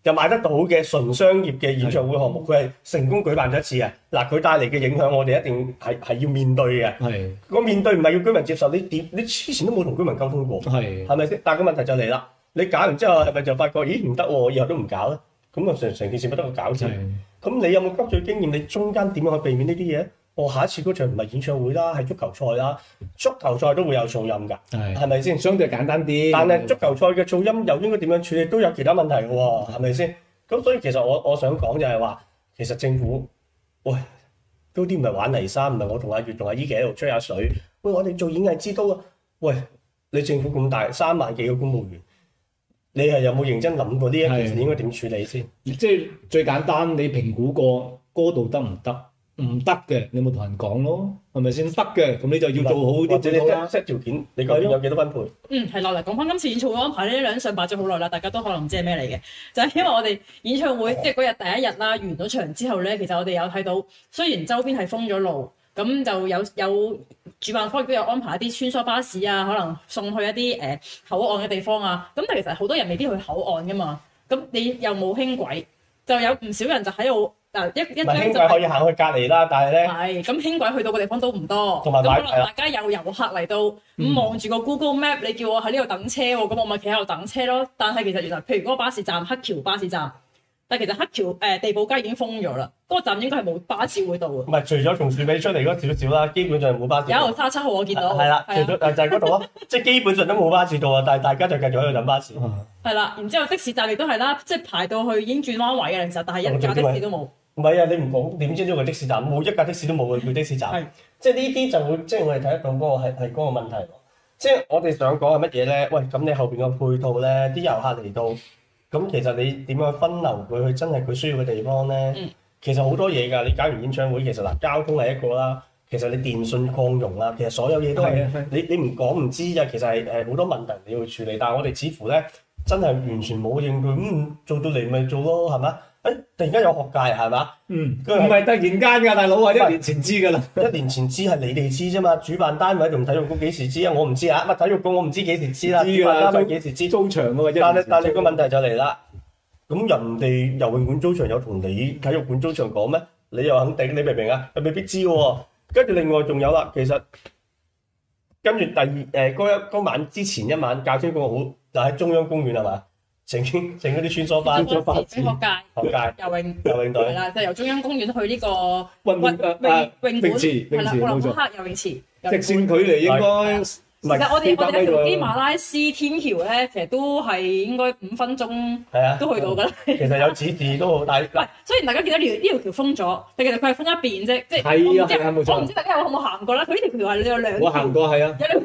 又、嗯、買得到嘅純商業嘅演唱會項目，佢係成功舉辦咗一次啊！嗱，佢帶嚟嘅影響，我哋一定係係要面對嘅。係，個面對唔係要居民接受，你點？你之前都冇同居民溝通過，係，係咪先？但係個問題就嚟啦，你搞完之後係咪就發覺，咦唔得喎，以後都唔搞啦，啊？咁啊，成成件事不得個搞字。咁你有冇吸取經驗？你中間點樣去避免呢啲嘢？我、哦、下一次嗰場唔係演唱會啦，係足球賽啦，足球賽都會有噪音㗎，係咪先？相對簡單啲。但係足球賽嘅噪音又應該點樣處理？都有其他問題㗎喎、哦，係咪先？咁所以其實我我想講就係話，其實政府喂，嗰啲唔係玩泥沙，唔係我同阿月同阿姨企喺度吹下水。喂，我哋做演藝之都啊，喂，你政府咁大，三萬幾個公務員。你係有冇認真諗過呢一件事應該點處理先？即係最簡單，你評估過高度得唔得？唔得嘅，你冇同人講咯，係咪先？得嘅，咁你就要做好啲即係你 set 條件。你究竟有幾多分配？嗯，係。落嚟講翻今次演唱會安排，呢兩樣嘢擺咗好耐啦，大家都可能唔知係咩嚟嘅。就係、係、因為我哋演唱會即係嗰日第一日啦、啊，完咗場之後咧，其實我哋有睇到，雖然周邊係封咗路。咁就有有主辦方亦都有安排一啲穿梭巴士啊，可能送去一啲、呃、口岸嘅地方啊。咁但其實好多人未必去口岸㗎嘛。咁你又冇輕軌，就有唔少人就喺度嗱一一就可以行去隔離啦。但係咧，係咁輕軌去到嘅地方都唔多。同埋可能大家有遊客嚟到咁望住個 Google Map，你叫我喺呢度等車，哦，咁我咪企喺度等車咯。但係其實原來譬如嗰個巴士站黑橋巴士站。但其實黑橋誒地堡街已經封咗啦，嗰、嗰個站應該係冇巴士會到嘅。唔係，除咗從樹尾出嚟嗰少少啦，基本上冇巴士。有三七號，我見到。係啦，咗就係嗰度啊，啊就是、 *laughs* 即係基本上都冇巴士到啊。但係大家就繼續喺度等巴士。係、嗯、啦，然之後的士站亦都係啦，即係排到去已經轉彎位嘅時候，但係一、嗯啊嗯、一架的士都冇。唔係啊，你唔講點知咗個的士站冇一架的士都冇去的士站。係，即係呢啲就會即係我哋睇一睇嗰、嗰個係係嗰個問題。即係我哋想講係乜嘢咧？喂，咁你後邊個配套咧？啲遊客嚟到。咁其實你點樣分流佢去真係佢需要嘅地方咧、嗯？其實好多嘢㗎，你搞完演唱會，其實嗱交通係一個啦，其實你電信擴容啦，其實所有嘢都係、嗯、你你唔講唔知㗎，其實係好多問題你要處理，但係我哋似乎咧真係完全冇應佢，咁做到嚟咪做咯，係咪？誒，突然間有學界係嘛？嗯，唔係突然間噶，大佬 *laughs* 啊，但我知知知啊知但，一年前知噶啦。一年前知係你哋知啫嘛，主辦單位同體育局幾時知啊？我唔知啊，咪體育局我唔知幾時知啦。主辦單位幾時知？租場喎，一年前。但係但係個問題就嚟啦，咁、嗯、人哋游泳館租場有同你體育館租場講咩？你又肯定你明唔明啊？又未必知噶。跟住另外仲有啦，其實跟住第二誒、嗰、呃、一嗰晚之前一晚，教書嗰個好，就喺中央公園係嘛？整整嗰啲穿梭翻。學界，游泳游泳隊係啦，就是、由中央公園去呢、這個温温泳泳池，係啦，奧林匹克游泳池。直線距離應該，其實我哋我哋條基馬拉斯天橋咧，其實都係應該五分鐘係啊，都去到噶啦。啊、 *laughs* 其實有指示都好，大。雖然大家見到呢條橋封咗，但其實佢係封一邊啫，即係我唔知我唔知大家有冇行過啦。佢呢條橋係你有兩我行過係啊，一兩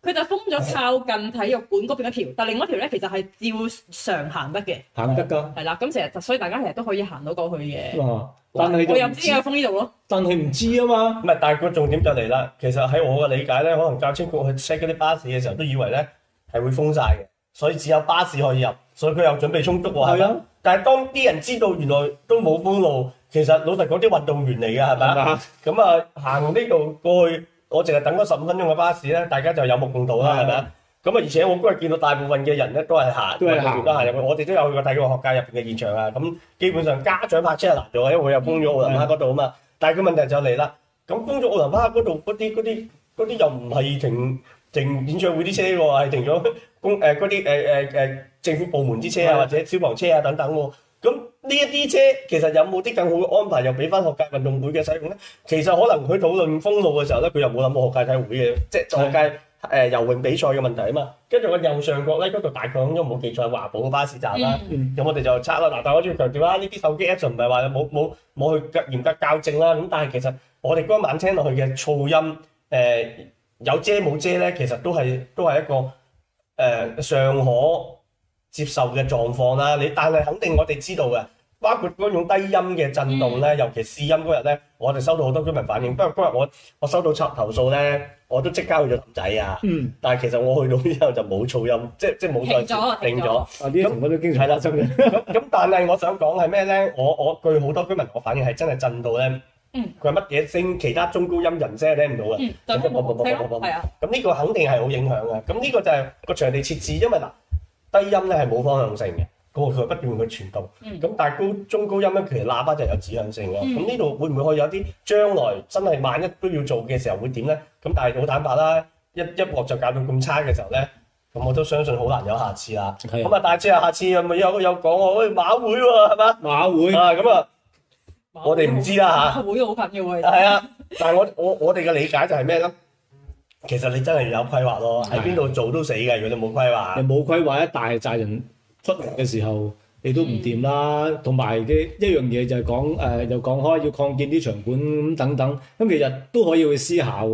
佢就封咗靠近體育館嗰邊一條、哎，但另一條咧，其實係照常行得嘅，行得㗎。係啦，咁其實所以大家其實都可以行到過去嘅、哦。但係我又唔知佢封呢度咯。但係唔知啊嘛。唔係，但係個重點就嚟啦。其實喺我嘅理解咧，可能教青局去 check 嗰啲巴士嘅時候，都以為咧係會封晒嘅，所以只有巴士可以入，所以佢有準備充足喎。係啊。但係當啲人知道原來都冇封路，其實老實講啲運動員嚟㗎係咪？咁啊、嗯，行呢度過去。我淨係等咗十五分鐘嘅巴士咧，大家就有目共睹啦，係咪啊？咁啊，而且我今日見到大部分嘅人咧都係行，都係行入去。我哋都有去過體育學界入邊嘅現場啊。咁基本上家長泊車啊，難做啊，因為佢又封咗奧林匹克度啊嘛。是但係個問題就嚟啦，咁封咗奧林匹克度嗰啲啲啲又唔係停停演唱會啲車喎，係停咗公誒嗰啲誒誒誒政府部門啲車啊，或者消防車啊等等喎。呢一啲車其實有冇啲更好嘅安排，又俾翻學界運動會嘅使用咧？其實可能佢討論封路嘅時候咧，佢又冇諗過學界體育會嘅，即係學界誒、呃、游泳比賽嘅問題啊嘛。跟住我右上角咧，嗰、那、度、個、大概咁樣，冇記錯華寶巴士站啦。咁、嗯、我哋就測啦。嗱，但係我仲要強調啦，呢啲手機 Apps 唔係話冇冇冇去嚴格校正啦。咁但係其實我哋嗰晚聽落去嘅噪音，誒、呃、有遮冇遮咧，其實都係都係一個誒尚、呃、可接受嘅狀況啦。你但係肯定我哋知道嘅。包括嗰種低音嘅震動咧、嗯，尤其是試音嗰日咧，我就收到好多居民反映。不過嗰日我我收到插投訴咧，我都即刻去咗揼仔啊。嗯。但係其實我去到之後就冇噪音，即即冇再停咗。定咗。啊，啲城管都經常得聲嘅。咁 *laughs* 但係我想講係咩咧？我我據好多居民個反應係真係震到咧。嗯。佢係乜嘢聲？其他中高音人聲係聽唔到嘅。嗯。啊。咁、嗯、呢個肯定係好影響嘅。咁呢個就係個場地設置，因為嗱低音咧係冇方向性嘅。佢、哦、不斷去傳導，咁但係高中高音咧，其實喇叭就有指向性咯。咁呢度會唔會可以有啲將來真係萬一都要做嘅時候會點咧？咁但係好坦白啦，一一鑊就搞到咁差嘅時候咧，咁我都相信好難有下次啦。咁啊，大係即下次又有冇有有講話喂，馬會喎係嘛？馬會啊，咁啊，我哋唔知啦嚇。馬會好緊要，喎係。啊，我啊但係我我我哋嘅理解就係咩咧？其實你真係有規劃咯，喺邊度做都死嘅，如果你冇規劃。冇規劃一大責任。出嚟嘅時候你都唔掂啦，同埋嘅一樣嘢就係講誒、呃，又講開要擴建啲場館咁等等，咁其實都可以去思考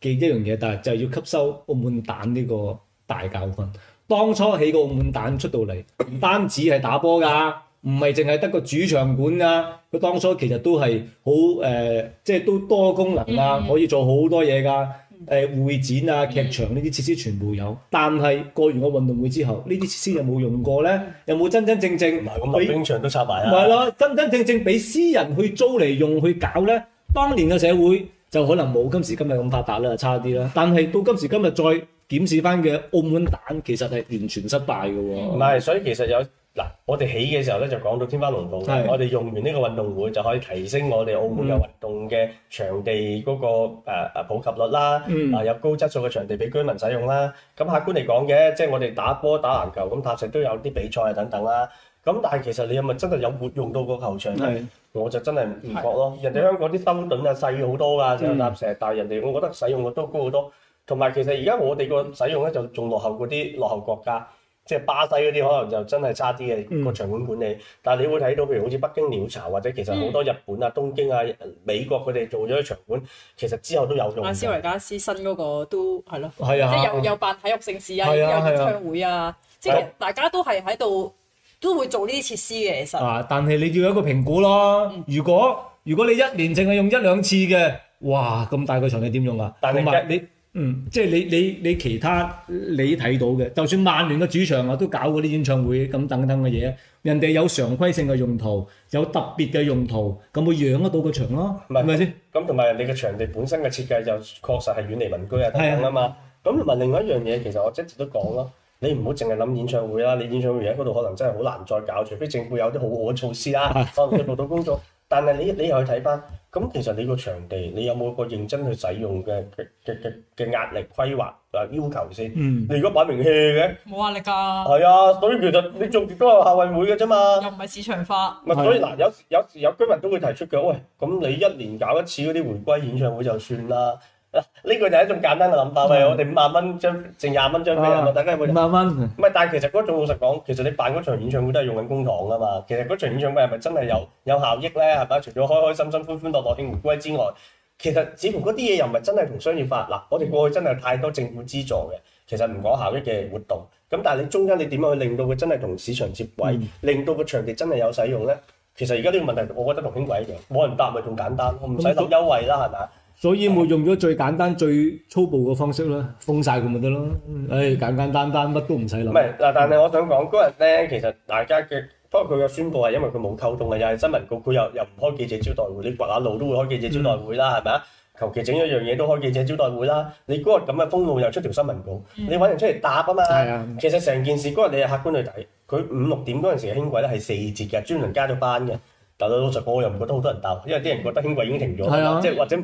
嘅一樣嘢，但係就係要吸收澳門蛋呢個大教訓。當初起個澳門蛋出到嚟，唔單止係打波㗎，唔係淨係得個主場館㗎，佢當初其實都係好誒，即係都多功能啊，可以做好多嘢㗎。嗯誒、呃、會展啊、劇場呢啲設施全部有，但係過完個運動會之後，呢啲設施有冇用過咧、嗯？有冇真真正正？唔係咁，滑冰場都拆埋啦。唔係啦，真真正正俾私人去租嚟用去搞咧。當年嘅社會就可能冇今時今日咁發達啦，差啲啦。但係到今時今日再檢視翻嘅澳門蛋，其實係完全失敗嘅喎、啊。唔係，所以其實有。嗱，我哋起嘅時候咧就講到天花龍鳳，我哋用完呢個運動會就可以提升我哋澳門有運動嘅場地嗰個誒誒普及率啦，啊有高質素嘅場地俾居民使用啦。咁客觀嚟講嘅，即係我哋打波打籃球咁，塔石都有啲比賽啊等等啦。咁但係其實你係咪真係有活用到個球場咧？我就真係唔覺咯。人哋香港啲修頓啊細好多噶，就有塔石，但係人哋我覺得使用率都高好多。同埋其實而家我哋個使用咧就仲落後嗰啲落後國家。即係巴西嗰啲可能就真係差啲嘅個場館管理，但係你會睇到譬如好似北京鳥巢或者其實好多日本啊、東京啊、美國佢哋做咗場館，其實之後都有用。拉、啊、斯維加斯新嗰個都係咯、啊，即係又又辦體育盛事啊，又有演唱會啊，啊即係大家都係喺度都會做呢啲設施嘅其實。啊！但係你要有一個評估咯，如果如果你一年淨係用一兩次嘅，哇！咁大個場你點用啊？但係你。嗯，即係你你你其他你睇到嘅，就算曼聯嘅主場啊，都搞嗰啲演唱會咁等等嘅嘢，人哋有常規性嘅用途，有特別嘅用途，咁會養得到個場咯，唔係，係咪先？咁同埋你嘅場地本身嘅設計就確實係遠離民居啊等等啊嘛。咁同埋另外一樣嘢，其實我一直都講咯，你唔好淨係諗演唱會啦，你演唱會喺嗰度可能真係好難再搞，除非政府有啲好好嘅措施啦、啊，幫你做到工作。 *laughs* 但係你你又去睇翻，咁其實你個場地你有冇個認真去使用嘅嘅嘅嘅嘅壓力規劃啊要求先？嗯、你如果擺明 hea 嘅，冇壓力㗎。係啊，所以其實你做極、嗯、都係校運會嘅啫嘛。又唔係市場化。唔係，所以嗱、啊，有有時有居民都會提出嘅，喂、哎，咁你一年搞一次嗰啲回歸演唱會就算啦。呢個就係一種簡單嘅諗法、嗯，喂，我哋五萬蚊張，剩廿蚊張飛啊嘛，大概五萬蚊。唔係，但係其實嗰種老實講，其實你辦嗰場演唱會都係用緊公帑噶嘛。其實嗰場演唱會係咪真係有有效益咧？係咪？除咗開開心心、歡歡樂樂、興回歸之外，嗯、其實似乎嗰啲嘢又唔係真係同商業化。嗱、嗯，我哋過去真係太多政府資助嘅，其實唔講效益嘅活動。咁但係你中間你點樣去令到佢真係同市場接軌，嗯、令到個場地真係有使用咧？其實而家呢個問題，我覺得同輕軌一樣，冇人答咪仲簡單，我唔使諗優惠啦，係、嗯、咪所以我用咗最簡單、最粗暴嘅方式啦，封晒佢咪得咯？誒、哎，簡簡單單，乜都唔使諗。唔係嗱，但係我想講嗰日咧，其實大家嘅，不過佢嘅宣佈係因為佢冇溝通嘅，又係新聞稿，佢又又唔開記者招待會。你掘下路都會開記者招待會啦，係咪啊？求其整一樣嘢都開記者招待會啦。你嗰個咁嘅封路又出條新聞稿，嗯、你揾人出嚟答啊嘛。係啊，其實成件事嗰日你係客觀去睇，佢五六點嗰陣時嘅輕軌咧係四節嘅，專門加咗班嘅。但到老實講，我又唔覺得好多人搭，因為啲人覺得輕軌已經停咗啦、啊，即係或者。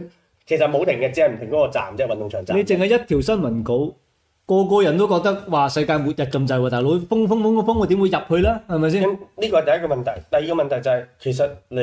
其實冇停嘅，只係唔停嗰個站即係，運動場站。你淨係一條新聞稿，個個人都覺得話世界末日咁滯喎，大佬封封封封封，我點會入去啦？係咪先？咁呢個係第一個問題，第二個問題就係、是，其實你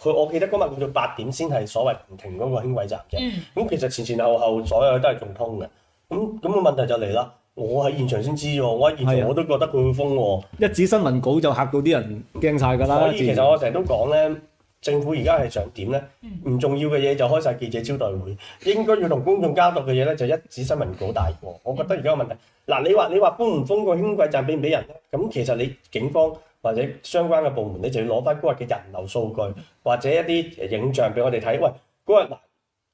佢我記得今日叫做八點先係所謂唔停嗰個輕軌站嘅。咁、嗯、其實前前後後所有都係仲通嘅。咁咁、那個問題就嚟啦，我喺現場先知，我喺現場我都覺得佢會封喎。一紙新聞稿就嚇到啲人驚晒噶啦。所以其實我成日都講咧。政府而家係想點咧？唔重要嘅嘢就開晒記者招待會，應該要同公眾交代嘅嘢咧就一紙新聞稿帶過。我覺得而家個問題，嗱，你話你話封唔封個輕軌站俾唔俾人咧？咁其實你警方或者相關嘅部門，你就要攞翻嗰日嘅人流數據或者一啲影像俾我哋睇。喂，嗰日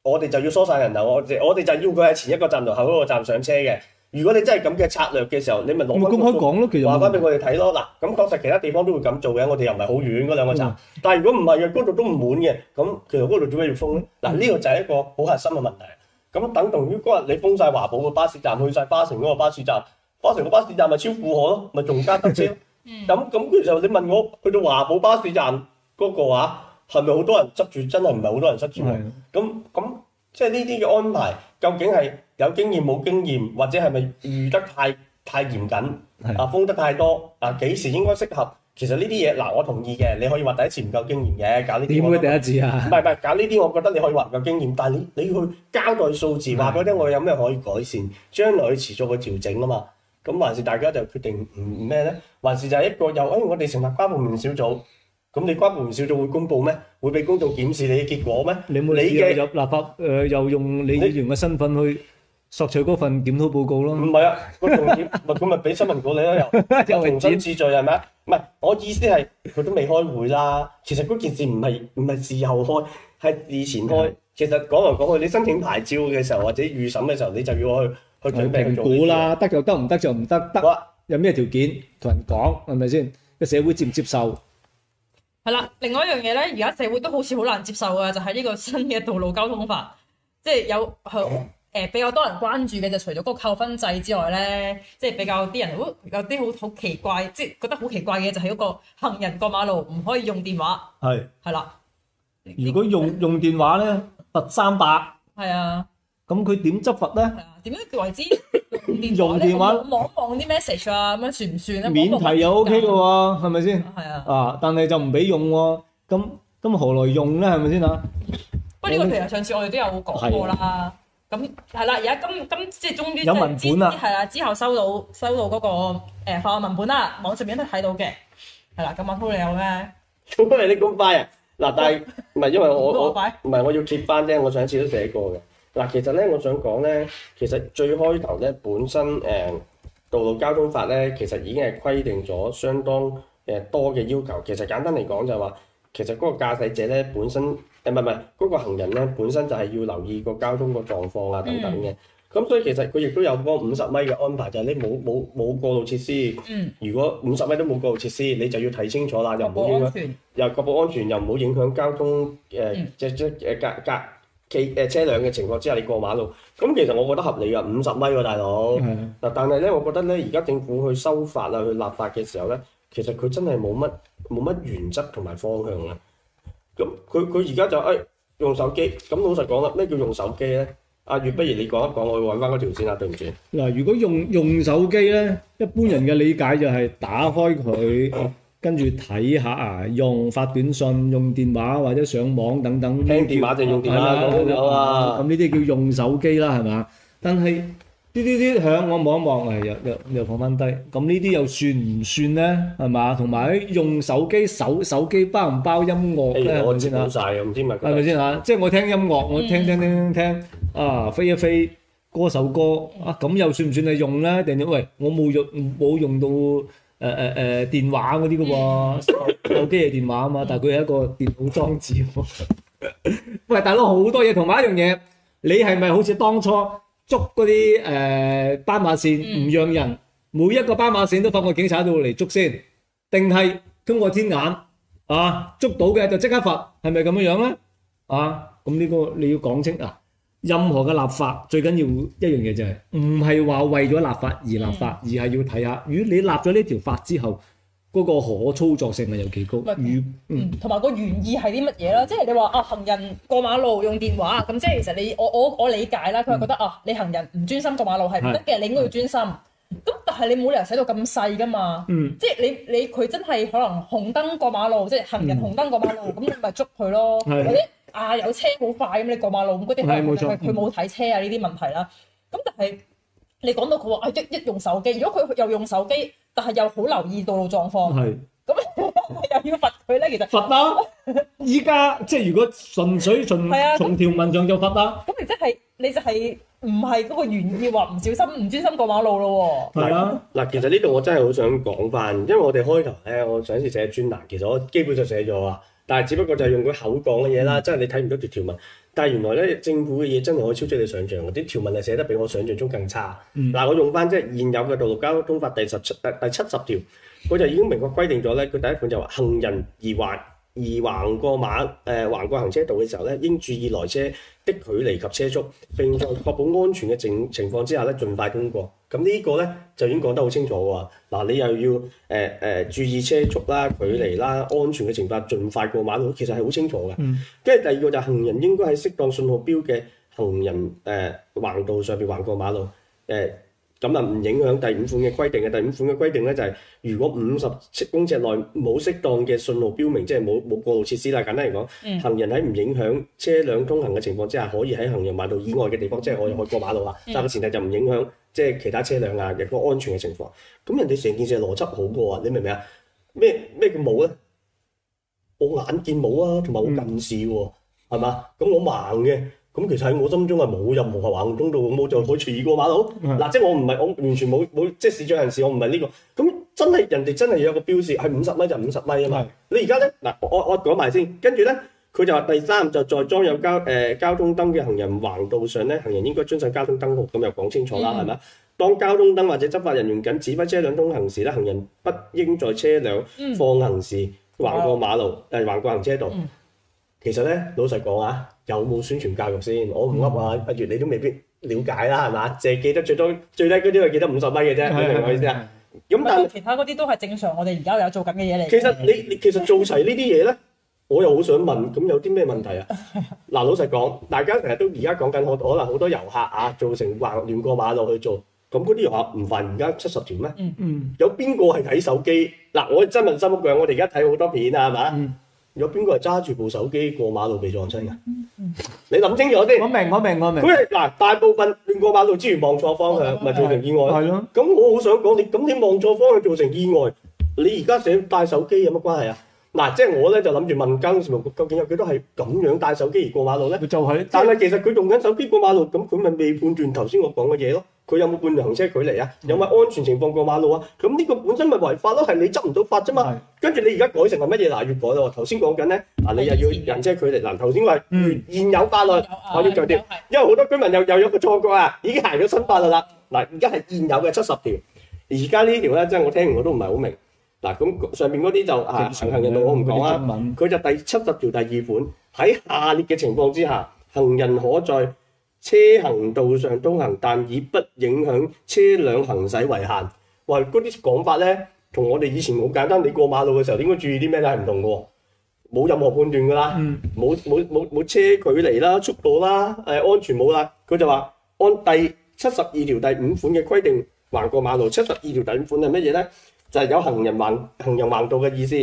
我哋就要疏散人流，我哋我哋就要佢喺前一個站同後一個站上車嘅。如果你真係咁嘅策略嘅時候，你咪攞公開講咯，其實話翻俾我哋睇咯。嗱，咁確實其他地方都會咁做嘅，我哋又唔係好遠嗰兩個站。但係如果唔係嘅，嗰度都唔滿嘅，咁其實嗰度做咩要封咧？嗱，呢個就係一個好核心嘅問題。咁等同於嗰日你封曬華寶嘅巴士站，去曬花城嗰個巴士站，花城個巴士站咪超負荷咯，咪仲加塞車咯。咁咁，嗰時候你問我去到華寶巴士站嗰個話，係咪好多人執住？真係唔係好多人執住？咁咁，即係呢啲嘅安排究竟係？有經驗冇經驗，或者係咪預得太太嚴謹？啊，封得太多啊，幾時應該適合？其實呢啲嘢嗱，我同意嘅，你可以話第一次唔夠經驗嘅搞呢啲。點會第一次啊？唔係唔係，搞呢啲我覺得你可以話唔夠經驗，但係你你去交代數字，話俾我聽，我有咩可以改善，將來去持續個調整啊嘛。咁還是大家就決定唔唔咩咧？還是就係一個又誒，我哋成立監管員小組，咁你監管員小組會公佈咩？會俾公眾檢視你嘅結果咩？你冇入立法誒，又用你議員嘅身份去。索取嗰份檢討報告咯，唔係啊，個重點咪咁咪俾新聞稿你咯，又重新治罪係咪？唔係，我意思係佢都未開會啦。其實嗰件事唔係唔係事後開，係事前開。的其實講嚟講去，你申請牌照嘅時候或者預審嘅時候，你就要去去評估啦，得就得，唔得就唔得，得有咩條件同人講，係咪先？個社會接唔接受？係啦，另外一樣嘢咧，而家社會都好似好難接受啊，就喺、是、呢個新嘅道路交通法，即係有。誒、呃、比較多人關注嘅就除咗嗰個扣分制之外咧，即係比較啲人好有啲好好奇怪，即係覺得好奇怪嘅就係嗰個行人過馬路唔可以用電話，係係啦。如果用用電話咧罰三百，係啊。咁佢點執罰咧？點樣為之？用電話望望啲 message 啊，咁樣算唔算咧？免提又 OK 㗎喎，係咪先？係啊。啊，但係就唔俾用喎、啊，咁咁何來用咧？係咪先啊？不過呢個譬如上次我哋都有講過啦。咁係啦，而家今今即係終於有文本啦，係啦，之後收到收到嗰、那個誒法、呃、文本啦，網上面都睇到嘅，係啦，咁問你有咩？都唔係你咁快啊！嗱、啊，但係唔係因為我快。唔係我要接返啫，我上一次都寫過嘅。嗱、啊，其實咧，我想講咧，其實最開頭咧，本身誒、嗯、道路交通法咧，其實已經係規定咗相當誒多嘅要求。其實簡單嚟講就係話，其實嗰個駕駛者咧本身。誒唔係唔係，嗰、那個行人咧本身就係要留意個交通個狀況啊等等嘅。咁、嗯、所以其實佢亦都有嗰五十米嘅安排，就係、是、你冇冇冇過路設施。嗯。如果五十米都冇過路設施，你就要睇清楚啦，又唔好影響，又確保安全，又唔好影響交通誒即即誒隔隔企誒車輛嘅情況之下你過馬路。咁其實我覺得合理噶，五十米喎、啊、大佬。嗱，但係咧，我覺得咧，而家政府去修法啊，去立法嘅時候咧，其實佢真係冇乜冇乜原則同埋方向嘅。咁佢佢而家就哎用手機，咁老實講啦，咩叫用手機咧？阿月，不如你講一講，我揾翻嗰條先啦，對唔住。嗱，如果用用手機咧，一般人嘅理解就係打開佢， *laughs* 跟住睇下啊，用發短信、用電話或者上網等等。聽電話就用電話咁啊，咁呢啲叫用手機啦，係嘛？但係。啲啲啲響，我望一望，誒，又又又放翻低，咁呢啲又算唔算呢？係嘛？同埋用手機手手機包唔包音樂呢、欸？我唔知，我唔知，我唔知，係咪先吓，即係我聽音樂，我聽聽聽聽聽，啊，飛一飛歌手歌啊，咁又算唔算係用呢？定咗喂，我冇用冇用到誒誒誒電話嗰啲噶喎， *laughs* 手機係電話啊嘛， *laughs* 但係佢係一個電腦裝置。喂，大佬好多嘢，同埋一樣嘢，你係咪好似當初？捉嗰啲誒斑馬線唔讓人、嗯，每一個斑馬線都放個警察到嚟捉先，定係通過天眼啊？捉到嘅就即刻罰，係咪咁樣樣咧？啊，咁呢個你要講清啊！任何嘅立法最緊要一樣嘢就係、是，唔係話為咗立法而立法，嗯、而係要睇下，如果你立咗呢條法之後，嗰、那個可操作性咪有幾高？唔係，同、嗯、埋個原意係啲乜嘢啦？即、就、係、是、你話啊，行人過馬路用電話咁，即係其實你我我我理解啦。佢係覺得、嗯、啊，你行人唔專心過馬路係唔得嘅，你應該要專心。咁但係你冇理由寫到咁細噶嘛？即、嗯、係、就是、你你佢真係可能紅燈過馬路，即、嗯、係、就是、行人紅燈過馬路，咁、嗯、你咪捉佢咯。啲啊有車好快咁，你過馬路咁嗰啲係佢冇睇車啊？呢、嗯、啲問題啦。咁但係你講到佢話啊一一用手機，如果佢又用手機。但係又好留意道路狀況，咁又要罰佢咧？其實罰啦、啊，依 *laughs* 家即係如果純粹從條文上就罰啦、啊。咁你即係你就係唔係嗰個原意話唔小心唔專心過馬路咯？喎係啦，嗱， *laughs* 其實呢度我真係好想講翻，因為我哋開頭咧，我上一次寫專欄，其實我基本上寫咗啊，但係只不過就係用佢口講嘅嘢啦，即、嗯、係你睇唔到條條文。但原來政府嘅嘢真係可以超出你想象嘅，啲條文係寫得比我想象中更差。嗱、嗯啊，我用返即係現有嘅道路交通法第十七第七十條，我就已經明確規定咗，佢第一款就話：行人而橫而橫過馬誒、呃、橫過行車道嘅時候呢，應注意來車的距離及車速，並在確保安全嘅情況況之下咧，盡快通過。咁呢個咧就已經講得好清楚喎。嗱、啊，你又要誒誒、呃呃、注意車速啦、距離啦、安全嘅情況，盡快過馬路，其實係好清楚嘅。跟、嗯、住第二個就係行人應該喺適當信號標嘅行人誒、呃、橫道上邊橫過馬路。誒咁啊唔影響第五款嘅規定嘅。第五款嘅規定咧就係、是、如果五十公尺內冇適當嘅信號標明，即係冇冇過路設施啦。簡單嚟講、嗯，行人喺唔影響車輛通行嘅情況之下，可以喺行人橫道以外嘅地方，嗯、即係我又可以過馬路啊、嗯，但係前提就唔影響。即係其他車輛啊，亦都安全嘅情況。咁人哋成件事係邏輯好過啊，你明唔明啊？咩咩叫冇咧？我眼見冇啊，同埋我近視喎、啊，係、嗯、嘛？咁我盲嘅，咁其實喺我心中係冇任何係橫中度，我就可以隨意過馬路嗱。即係我唔係我完全冇冇即係視障人士，我唔係呢個咁真係人哋真係有一個標示係五十米就五十米啊嘛。你而家咧嗱，我我講埋先，跟住咧。佢就話第三就再裝有交誒、呃、交通燈嘅行人橫道上咧，行人應該遵守交通燈號。咁又講清楚啦，係、嗯、咪？當交通燈或者執法人員緊指揮車輛通行時咧，行人不應在車輛放行時橫過馬路，誒、嗯嗯呃、橫過行車道。嗯、其實咧，老實講啊，有冇宣傳教育先？我唔噏啊、嗯，不如你都未必了解啦，係嘛？淨係記得最多最低嗰啲，係記得五十米嘅啫。明唔明？我意思啊？咁但係其他嗰啲都係正常，我哋而家有在做緊嘅嘢嚟。其實你你，你其實做齊這些呢啲嘢咧。 *laughs* 我又好想問，咁有啲咩問題啊？嗱， *laughs* 老實講，大家成日都而家講緊可可能好多遊客啊，造成橫亂，亂過馬路去做，咁嗰啲遊客唔犯而家七十條咩？嗯嗯。有邊個係睇手機？嗱，我真問心一句，我哋而家睇好多片啊嘛。嗯。有邊個係揸住部手機過馬路被撞親嘅，嗯嗯？你諗清楚啲。我明，我明，我明。佢嗱，大部分亂過馬路之餘望錯方向，咪造成意外。係咯，啊。咁我好想講你，咁你望錯方向造成意外，你而家寫帶手機有乜關係啊？嗱，即係我呢就諗住問更，究竟有幾多係咁樣帶手機而過馬路呢？佢就係、係就係，但係其實佢用緊手機過馬路，咁佢咪未判斷頭先我講嘅嘢咯？佢有冇判斷行車距離啊？有冇安全情況過馬路啊？咁呢個本身咪違法咯，係你執唔到法啫嘛。跟住你而家改成係乜嘢？嗱、啊，越改啦喎。頭先講緊你又要行車距離嗱，頭先話現有法律，我要強調，因為好多居民又又有一個錯覺啊，已經行咗新法律了啦。嗱，而家係現有嘅七十條，而家呢條呢，真係我聽完我都唔係好明。嗱，咁上面嗰啲就啊，行行人道我唔講啦，佢就第七十條第二款，喺下列嘅情況之下，行人可在車行道上通行，但以不影響車輛行駛為限。喂，嗰啲講法咧，同我哋以前好簡單，你過馬路嘅時候應該注意啲咩咧，係唔同嘅喎，冇任何判斷㗎啦，冇冇冇冇車距離啦、速度啦，誒安全冇啦。佢就話按第七十二條第五款嘅規定橫過馬路。七十二條第五款係乜嘢咧？就係有行人橫行人橫道嘅意思，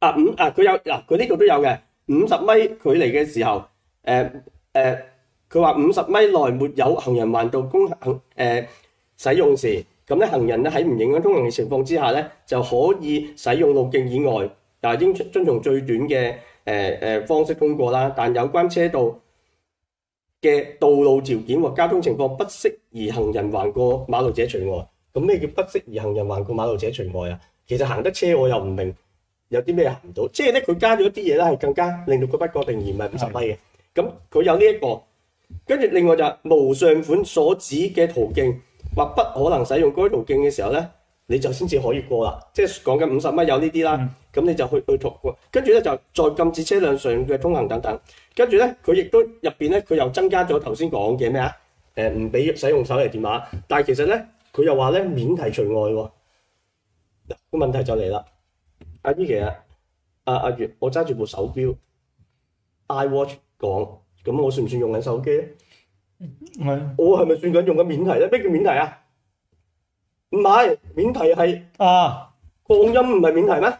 啊五啊佢有嗱佢呢度都有嘅五十米距離嘅時候，誒誒，佢話五十米內沒有行人橫道供行誒使用時，咁咧行人咧喺唔影響通行嘅情況之下咧，就可以使用路徑以外，但應遵從最短嘅誒誒方式通過啦。但有關車道嘅道路條件和交通情況不適宜行人橫過馬路者除外。咁咩叫不適宜行人橫過馬路者除外啊？其實行得車我又唔明有啲咩行唔到，即係咧佢加咗一啲嘢咧，係更加令到佢不確定而唔係五十米嘅。咁佢有呢、這、一個，跟住另外就係、是、無上款所指嘅途徑或不可能使用該途徑嘅時候咧，你就先至可以過啦。即係講緊五十米有呢啲啦，咁你就去去通過。跟住咧就再禁止車輛上嘅通行等等。跟住咧佢亦都入面咧，佢又增加咗頭先講嘅咩啊？唔、呃、俾使用手提電話，但係其實咧。佢又話咧免提除外喎，個問題就嚟喇阿姨其實，阿、啊、阿月，我揸住部手錶，iWatch 講，咁我算唔算用緊手機咧？我係咪算緊用緊免提咧？咩叫免提啊？唔係，免提係啊，降音唔係免提咩？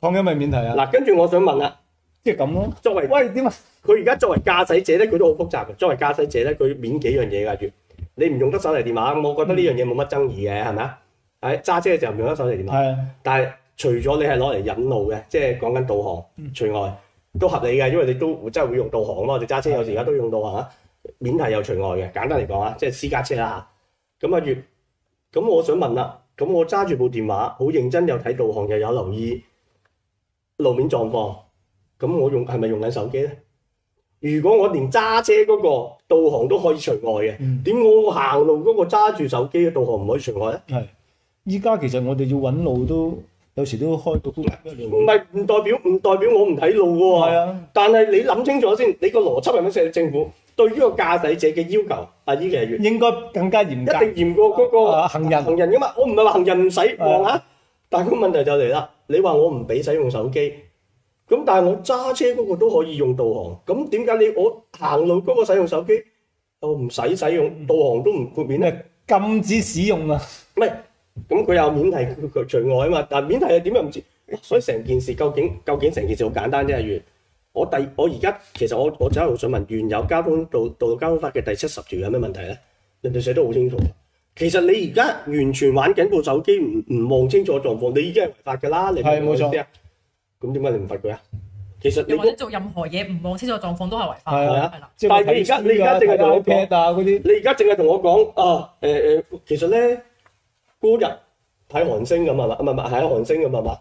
降音咪免提啊！嗱，跟住我想問這樣啊，即係咁咯。作為喂點啊？佢而家作為駕駛者咧，佢都好複雜嘅。作為駕駛者咧，佢免幾樣嘢㗎阿月。你唔用得手提電話，我覺得呢樣嘢冇乜爭議嘅，係咪啊？喺揸車嘅時候唔用得手提電話，但係除咗你係攞嚟引路嘅，即係講緊導航除外，都合理嘅，因為你都真係會用導航囉。我哋揸車有時而家都用導航，免提又除外嘅。簡單嚟講啊，即係私家車啊。咁阿月，咁我想問啦，咁我揸住部電話，好認真又睇導航，又有留意路面狀況，咁我用係咪用緊手機咧？如果我連揸車嗰個，導航都可以除外嘅，點、嗯、我行路嗰個揸住手機嘅導航唔可以除外咧？係，依家其實我哋要揾路都有時都開到，唔係唔代表唔代表我唔睇路喎？係啊，但係你諗清楚先，你個邏輯係咪先？政府對於個駕駛者嘅要求，阿依其月應該更加嚴格，一定嚴過嗰個行人、啊、行人噶嘛？我唔係話行人唔使望啊，但係個問題就嚟啦，你話我唔俾使用手機。咁但係我揸車嗰個都可以用導航，咁點解你我行路嗰個使用手機，我唔使使用導航都唔豁免咧？禁止使用啊！唔係，咁佢有免提佢除外啊嘛，但係免提係點樣唔知，所以成件事究竟究竟成件事好簡單啫？如，我第我而家其實我我就喺度想問原有交通道道路交通法嘅第七十條有咩問題咧？人哋寫得好清楚，其實你而家完全玩緊部手機，唔唔望清楚狀況，你已經係違法噶啦！你係冇錯。咁點解你唔罰佢啊？其實你做任何嘢唔望清楚狀況都係違法嘅，啊啊啊啊啊。啊，係、欸、啦。但係你而家你而家淨係同我 p 啊嗰啲，你而家淨係同我講其實咧嗰日睇韓星咁係嘛？唔係唔係睇韓星咁係嘛？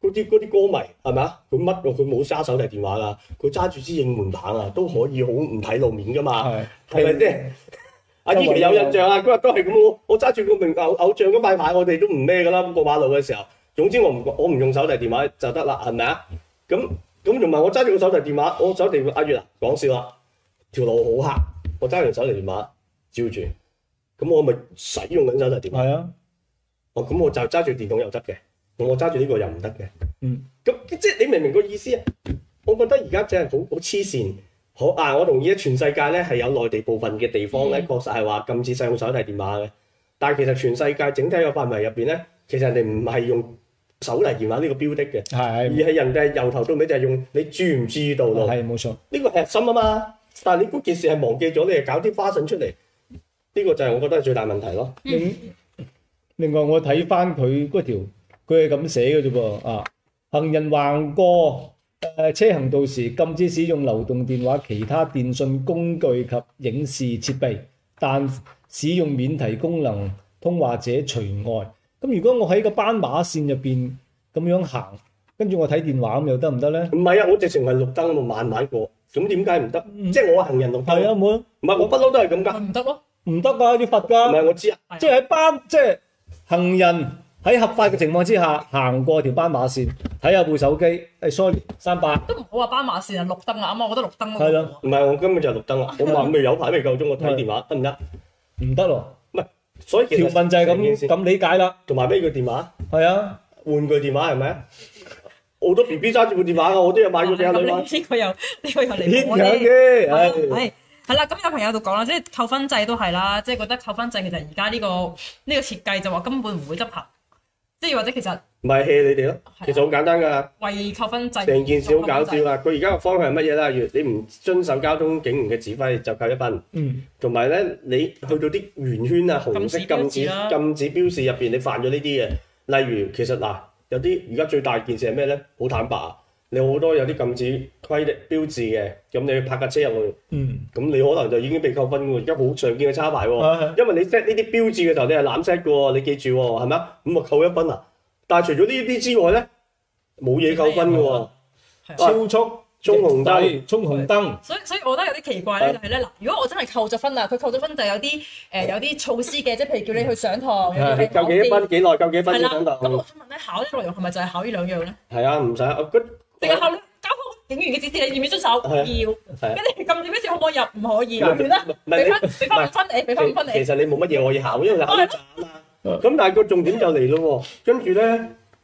嗰啲啲歌迷係嘛？佢乜喎？佢冇揸手提電話㗎，佢揸住支應援棒啊，都可以好唔睇路面㗎嘛？係咪先？是是 *laughs* 阿二你有印象啊？嗰日都係咁，我我揸住個明偶偶像嗰塊牌我，我哋都唔咩㗎啦。咁過馬路嘅時候，總之我唔我唔用手提電話就得啦，係咪啊？咁咁我揸住個手提電話，我手提握住啊？講笑啦，條路好黑，我揸住手提電話照住，咁我咪使用緊手提電話。係啊，哦我就揸住電筒又得嘅，我揸住呢個又唔得嘅。嗯，咁即係你明唔明白個意思？我覺得而家真係好好黐線。我同意，全世界咧係有內地部分嘅地方咧、嗯，確實係話禁止使用手提電話嘅。但其實全世界整體嘅範圍入面咧，其實人哋唔係用。手嚟填埋呢個標的嘅，係係，而係人哋由頭到尾就係用你注唔注意到咯，係冇錯，呢個核心啊嘛，但係你嗰件事係忘記咗，你係搞啲花生出嚟，呢個就係我覺得係最大問題咯。嗯，另外我睇翻佢嗰條，佢係咁寫嘅啫噃，啊，行人橫過誒車行道時，禁止使用流動電話、其他電訊工具及影視設備，但使用免提功能通話者除外。咁如果我喺個斑馬線入邊咁樣行，跟住我睇電話咁又得唔得咧？唔係啊，我直情係綠燈度慢慢過。咁點解唔得？即係我行人綠燈。係啊，冇。唔係，我不嬲都係咁噶。唔得咯，唔得㗎，要罰㗎。唔係我知啊，即係喺斑，即係行人喺合法嘅情況之下行過條斑馬線，睇下部手機係、哎、sorry 三百。都唔好話斑馬線啊，綠燈啊，咁我覺得綠燈。係咯、啊，唔係我根本就係綠燈 *laughs* 話啊，我未有牌未夠鐘，我睇電話得唔得？唔得咯。所以條文就係咁咁理解啦，同埋咩叫電話？係啊，玩具電話係咪啊？好多 B B 揸住部電話噶，我都有買個俾阿女玩。呢 *laughs* 個又呢、呢個又嚟唔到嘅。係係啦，咁、哎 *laughs* 哎哎、有朋友就講啦，即係扣分制都係啦，即係覺得扣分制其實而家呢個呢、呢個設計就話根本唔會執行，即係或者其實。唔 hea 你哋咯，其實好簡單噶。為扣分制，成件事好搞笑啊！佢而家個方向係乜嘢咧？如你唔遵守交通警員嘅指揮，就扣一分。嗯。同埋咧，你去到啲圓圈啊，紅色禁止禁止標誌入邊，你犯咗呢啲嘅，例如其實嗱，有啲而家最大件事係咩咧？好坦白啊，你好多有啲禁止規則標誌嘅，咁你去泊架車入去，嗯，咁你可能就已經被扣分噶喎，而家好常見嘅叉牌喎，因為你 set 呢啲標誌嘅時候你係藍 set 噶喎，你記住係咪啊？咁啊扣一分啊！但係除咗呢啲之外咧，冇嘢扣分嘅喎，超速、衝紅燈、衝紅燈。所以所以，我覺得有啲奇怪咧，就係咧，嗱，如果我真係扣咗分啦，佢扣咗分就係有啲誒有啲措施嘅，即係譬如叫你去上堂，扣幾多分幾耐，扣幾多分先上堂。咁我想問咧，考啲內容係咪就係考呢兩樣咧？係啊，唔使。我個。定係考交通警員嘅指示，你要唔要遵守？要。跟住撳住咩掣可唔可以入？唔可以。夠唔夠？唔夠。俾翻俾翻分你，俾翻分你。其實你冇乜嘢可以考，因為好簡單。咁但係個重點又嚟咯，跟住咧，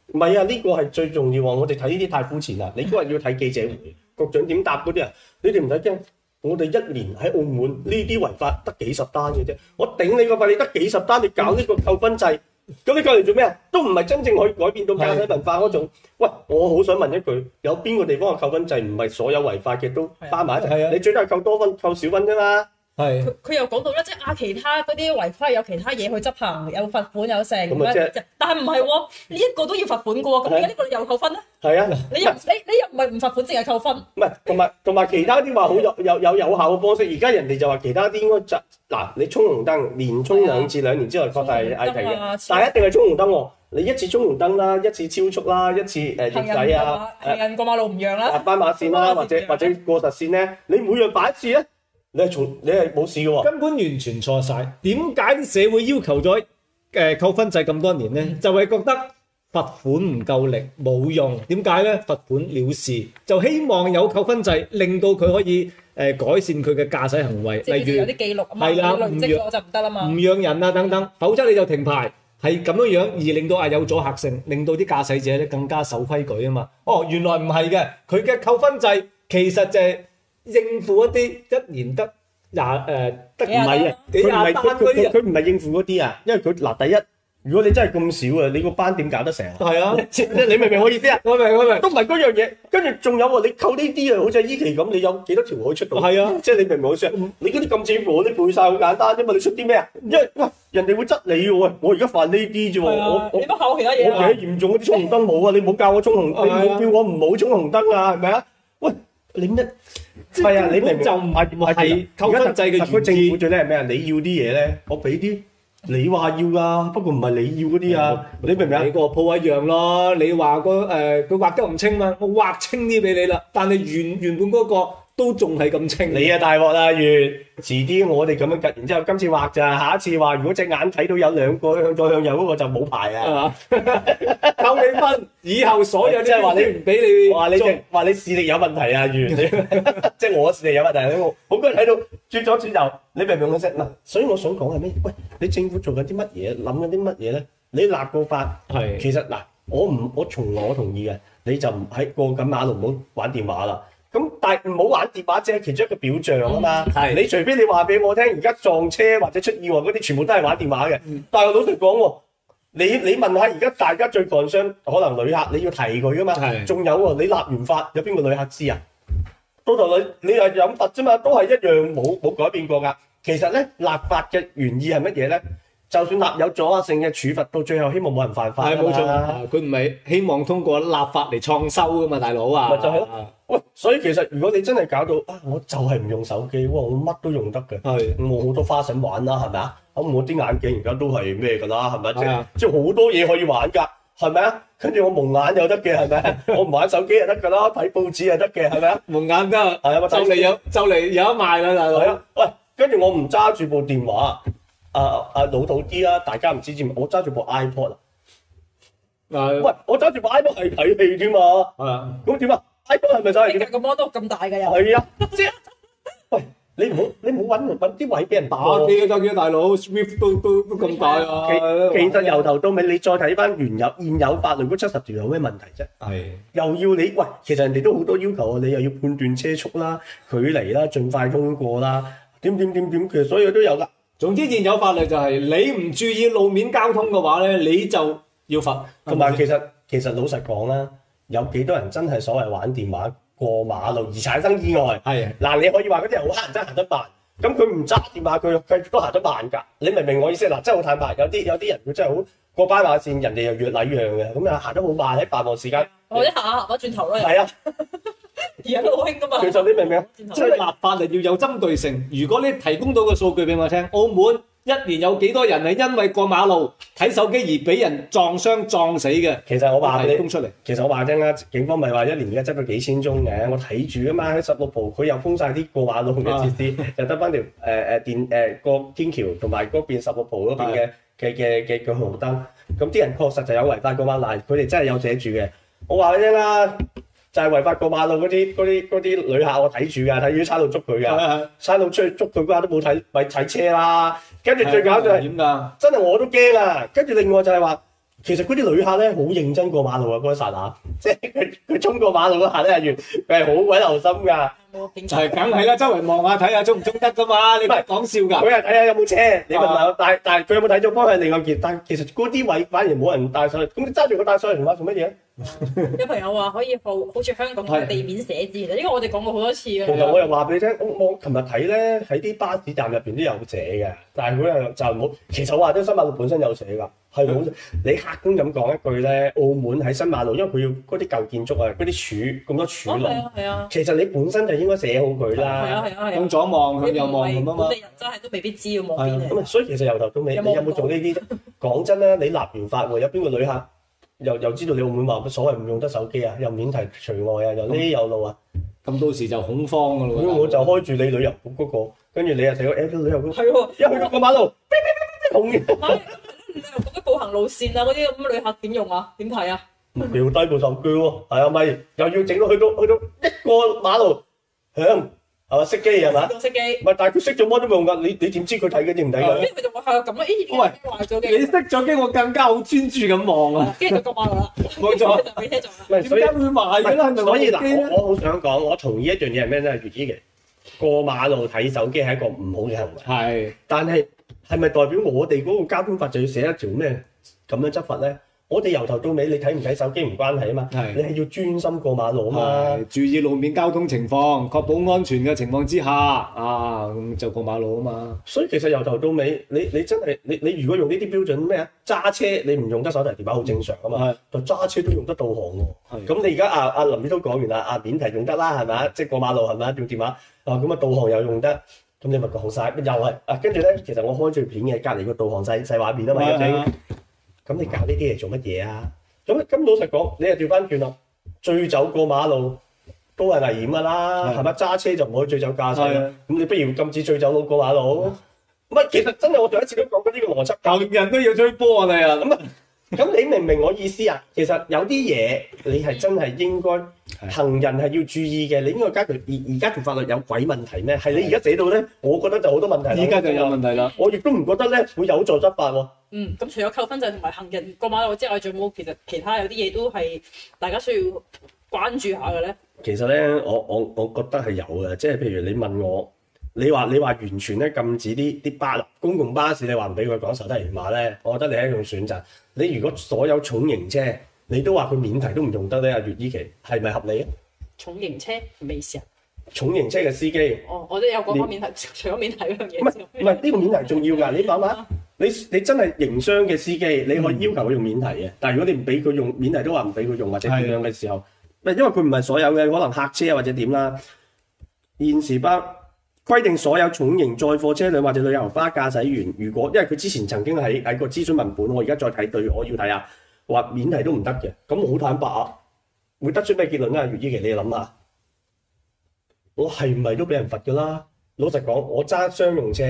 唔係啊，呢個係最重要喎。我哋睇呢啲太膚淺啦。你今日要睇記者會，局長點答嗰啲啊？你哋唔使驚，我哋一年喺澳門呢啲違法得幾十單嘅啫。我頂你個肺，你得幾十單，你搞呢個扣分制，咁你搞嚟做咩啊？都唔係真正可以改變到駕駛文化嗰種。喂，我好想問一句，有邊個地方嘅扣分制唔係所有違法嘅都加埋一齊？你最多扣多分、扣少分啫嘛。係佢佢又講到咧，即係啊，其他嗰啲違規有其他嘢去執行，有罰款有成咁樣、就是！但係唔係喎，呢、這、一個都要罰款噶喎，咁而家呢個又扣分咧？係啊，你又你你又唔係唔罰款，淨係扣分？唔係，同埋同埋其他啲話好有有有，有有效嘅方式，而家人哋就話其他啲應該就嗱，你衝紅燈連衝兩次兩、啊、年之內，係危期但係一定係衝紅燈喎、啊，你一次衝紅燈啦、啊，一次超速啦、啊，一次誒逆駛啊，行人過馬路唔讓啦，斑、啊、馬線啦、啊，或者或者過實線咧，你每樣擺一次啊！你係從，你係冇事嘅喎。根本完全錯晒。點解啲社會要求咗誒扣分制咁多年咧？就係覺得罰款唔夠力，冇用。點解咧？罰款了事，就希望有扣分制，令到佢可以誒改善佢嘅駕駛行為。例如有啲記錄啊嘛，累積咗就唔得啦嘛。唔讓人啊等等，否則你就停牌。係咁樣樣而令到啊有阻嚇性，令到啲駕駛者咧更加守規矩啊嘛。哦，原來唔係嘅，佢嘅扣分制其實就係。應付一啲一年得廿誒，得唔係啊？佢唔係佢佢佢唔係應付嗰啲啊，因為佢嗱第一，如果你真係咁少啊，你個班點搞得成啊？係啊，即係你明唔明我意思啊？我明我明，都唔係嗰樣嘢。跟住仲有喎，你扣呢啲啊，好似依期咁，你有幾多條可以出到？係啊，即係你明唔明我意思啊？你嗰啲咁政府嗰啲背晒好簡單啫嘛，你出啲咩啊？因為喂人哋會質你喎，我而家犯呢啲啫喎，我我我冇考其他嘢啊，我嘅嚴重嗰啲衝紅燈冇啊，你冇教我衝紅，你冇叫我唔好衝紅燈啊，係咪啊？你乜？係啊，你明明就唔係係扣分制嘅原意。政府最叻係咩啊？你要啲嘢咧，我俾啲你話要噶，不過唔係你要嗰啲啊。你明明你個鋪位樣咯，你話個誒佢畫得唔清嘛，我畫清啲俾你啦。但係原原本嗰個。都仲係咁清，你啊大鑊啦！月遲啲我哋咁樣掘，然之後今次劃就係下一次話，如果隻眼睇到有兩個向左向右嗰個就冇牌啊，扣 *laughs* 你分！以後所有即係話你唔俾你，話你只話你視力有問題啊！月， *laughs* 即係我視力有問題好多人睇到轉咗轉右，你明唔明得識嗱，所以我想講係咩？喂，你政府做緊啲乜嘢？諗緊啲乜嘢咧？你立個法係，其實嗱，我唔我從來我同意嘅，你就唔喺過緊馬路唔好玩電話啦。咁但係唔好玩電話，只係其中一個表象啊嘛。係、嗯，你隨便你話俾我聽，而家撞車或者出意外嗰啲，全部都係玩電話嘅、嗯。但係老實講喎，你你問下而家大家最關心，可能旅客你要提佢啊嘛。係，仲有喎，你立完法，有邊個旅客知啊？到頭你你又飲法啫嘛，都係一樣冇冇改變過㗎。其實咧，立法嘅原意係乜嘢咧？就算立有阻嚇性嘅處罰，到最後希望冇人犯法。係冇錯，佢唔係希望通過立法嚟創收噶嘛，大佬啊。咪就係咯。喂，所以其實如果你真係搞到啊，我就係唔用手機，我乜都用得嘅。係，我好多花臣玩啦，係咪啊？咁我啲眼鏡而家都係咩噶啦，係咪啊？即係好多嘢可以玩噶，係咪啊？跟住我蒙眼又得嘅，係咪啊？我唔玩手機又得噶啦，睇報紙又得嘅，係咪啊？蒙眼真係，就嚟有就嚟有得賣啦，大佬。係啊。喂，跟住我唔揸住部電話。啊啊老土啲啦，大家唔知字，我揸住部 iPad 啊。嗱，喂，我揸住部 iPad 係睇戲添嘛。係啊。咁點啊？iPad 係咪就係？其實個 model 咁大嘅又係啊。喂，你唔好你唔好揾揾啲位俾人打。啲啊，啲啊，大佬，Swift 都都咁大啊。其其實由頭到尾，你再睇翻原有現有法律嗰七十條有咩問題啫？係。又要你喂，其實人哋都好多要求啊，你又要判斷車速啦，距離啦，盡快通過啦，點點點點，其實所有都有㗎。總之現有法律就係、是、你唔注意路面交通嘅話咧，你就要罰。同埋其實其實老實講啦，有幾多人真係所謂玩電話過馬路而產生意外？係嗱，你可以話嗰啲人好黑人，真係行得慢。咁佢唔揸電話，佢佢都行得慢噶。你明唔明我意思？嗱，真係好坦白，有啲有啲人佢真係好過斑馬線，人哋又越禮讓嘅，咁又行得好慢喺繁忙時間。我一下，我轉頭咯係啊。 *laughs* 而家都好興噶嘛，其實你明唔明？即係立法係要有針對性。如果你提供到個數據俾我聽，澳門一年有幾多人係因為過馬路睇手機而俾人撞傷撞死嘅？其實我話俾你供出嚟。其實我話聽啦，警方咪話一年而家執咗幾千宗嘅，我睇住啊嘛。喺十六浦佢又封晒啲過馬路嘅設施，啊、就得翻條誒誒電誒個、呃、天橋同埋嗰邊十六浦嗰邊嘅嘅嘅嘅交通燈。咁啲人確實就有違法過馬，但佢哋真係有寫住嘅。我話你聽啦。就係、是、違法過馬路嗰啲，那些那些旅客我看的，我睇住㗎，睇住差佬捉佢㗎，差佬出去捉佢嗰話都冇睇咪睇車啦。跟住最搞就係、是、點啊？真係我都驚啦，啊、跟住另外就係話，其實嗰啲旅客呢，好認真過馬路啊，嗰一剎那個山，即係佢佢衝過馬路都嚇得入住，係好鬼留心㗎。就係梗係啦，周圍望下睇下中唔中得噶嘛？不你唔係講笑噶，佢係睇下有冇車，你問下、啊，但但佢有冇睇咗幫佢另外遠？但其實嗰啲位反而冇人帶上去。咁你揸住個帶上去同做乜嘢啊？有朋友話可以好好似香港嘅地面寫字，因為、啊這個、我哋講過好多次啊。同時我又話俾你聽，我我琴日睇咧喺啲巴士站入邊都有寫嘅，但係佢係就唔好。其實我話咧新馬路本身有寫噶，係 *laughs* 好、啊。你客觀咁講一句咧，澳門喺新馬路，因為佢要嗰啲舊建築啊，嗰啲柱咁多柱廊，係啊其實你本身就應該寫好佢啦，用、啊啊啊啊、左望佢右望咁啊嘛。人真係都未必知要望咁，所以其實由頭到尾有有你有冇做呢啲？講 *laughs* 真啦，你立完法喎，有邊個旅客又又知道你會唔會話所謂唔用得手機啊？又免提除外啊？又呢啲有路啊？咁到時就恐慌噶咯喎。咁我就開住你旅遊局嗰個，跟住你又成個 a p 旅遊嗰係喎，一去到個馬路，同嘅馬路嗰步行路線啊，嗰啲咁旅客點用啊？點睇啊？佢 *laughs* 要低部手機喎，啊，咪、啊、又要整到去到去到一個馬路。響係嘛，熄機係嘛，熄機，唔係但係佢熄咗乜都冇用噶你你點知佢睇緊定唔睇佢？咁咪誒，部壞咗機。你熄咗機，我更加好專注咁望啊。跟、啊、住就過馬路啦，冇錯。俾車撞。 *laughs* *laughs* 所以點解會買嘅咧？所以嗱，我好想講，我同意一樣嘢係咩咧？粵語嘅過馬路睇手機係一個唔好嘅行為。係，但係係咪代表我哋嗰個交通法就要寫一條咩咁樣執法咧？我哋由頭到尾，你睇唔睇手機唔關係啊嘛，你係要專心過馬路啊嘛，注意路面交通情況，確保安全嘅情況之下，啊，就過馬路啊嘛。所以其實由頭到尾，你你真係你你如果用呢啲標準咩啊？揸車你唔用得手提電話好正常啊嘛，就揸車都用得導航喎、啊。咁你而家阿阿林都講完啦，阿、啊、免提用得啦，係咪，即、就、係、是、過馬路係咪用電話，啊咁啊導航又用得，咁你咪好晒，又係，啊跟住咧，其實我開住片嘅，隔籬個導航細細畫面啊嘛。咁你搞呢啲嘢做乜嘢啊？咁咁老實講，你又調翻轉啦，醉酒過馬路都係危險噶啦，係咪揸車就唔可以醉酒駕駛咧？咁你不如禁止醉酒過馬路。唔其實真係我第一次都講過呢個邏輯，求人都要追波啊你啊！咁啊，咁你明唔明我意思啊？其實有啲嘢你係真係應該。行人係要注意嘅，你應該加強。而而家條法律有鬼問題咩？係你而家寫到咧，我覺得就好多問題了。而家就有問題啦。我亦都唔覺得咧會有助執法喎。嗯，咁除咗扣分制同埋行人過馬路之外有有，仲有冇其實其他有啲嘢都係大家需要關注一下嘅咧？其實咧，我我我覺得係有嘅，即係譬如你問我，你話你話完全咧禁止啲啲巴公共巴士，你話唔俾佢講受得人馬咧，我覺得你係一種選擇。你如果所有重型車你都話佢免提都唔用得咧，阿月依琪，係咪合理啊？重型車未意，重型車嘅司機哦，我都有個免提，除咗免提嗰樣嘢。唔係唔係，呢、呢個免提重要嘅， *laughs* 你諗下，你你真係營商嘅司機，你可以要求佢用免提嘅。但係如果你唔俾佢用免提，都話唔俾佢用，用或者點樣嘅時候，唔因為佢唔係所有嘅，可能客車啊或者點啦。現時不規定所有重型載貨車輛或者旅遊巴駕駛員，如果因為佢之前曾經喺喺個諮詢文本，我而家再睇對，我要睇啊。話免提都唔得嘅，咁好坦白啊！會得出咩結論咧、啊？余子琪，你諗下，我係唔係都俾人罰噶啦？老實講，我揸商用車，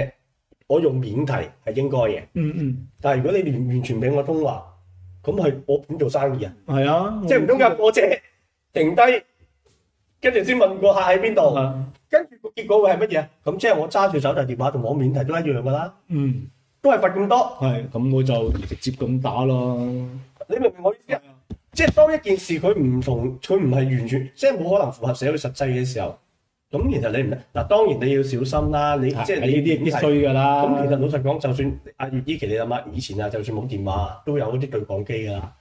我用免提係應該嘅。嗯嗯。但係如果你完完全俾我通話，咁係我點做生意係啊？係啊，即係唔通入個車停低，跟住先問個客喺邊度？跟住個結果會係乜嘢啊？咁即係我揸住手提電話同我免提都一樣噶啦。嗯。都係罰咁多。係。咁我就直接咁打咯。你明唔明我意思啊？即係當一件事佢唔同，佢唔係完全，即係冇可能符合社會實際嘅時候，咁其實你唔得嗱。當然你要小心啦，你即係呢啲係必須噶啦。咁其實老實講，就算阿月依琪你阿媽以前啊，就算冇電話，都有啲對講機噶啦，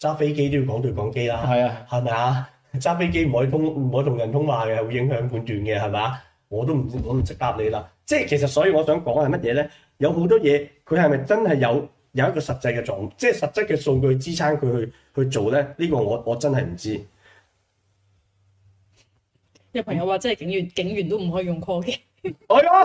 揸飛機都要講對講機啦。係啊，係咪啊？揸飛機唔可以通，唔可以同人通話嘅，會影響判斷嘅，係咪？我都唔，我唔識答你啦。即係其實，所以我想講係乜嘢咧？有好多嘢，佢係咪真係有？有一個實際嘅狀，即係實際嘅數據支撐佢去去做咧。呢個我我真係唔知道。有朋友話，即係警員，警員都唔可以用 call 嘅。可 *laughs* 啊，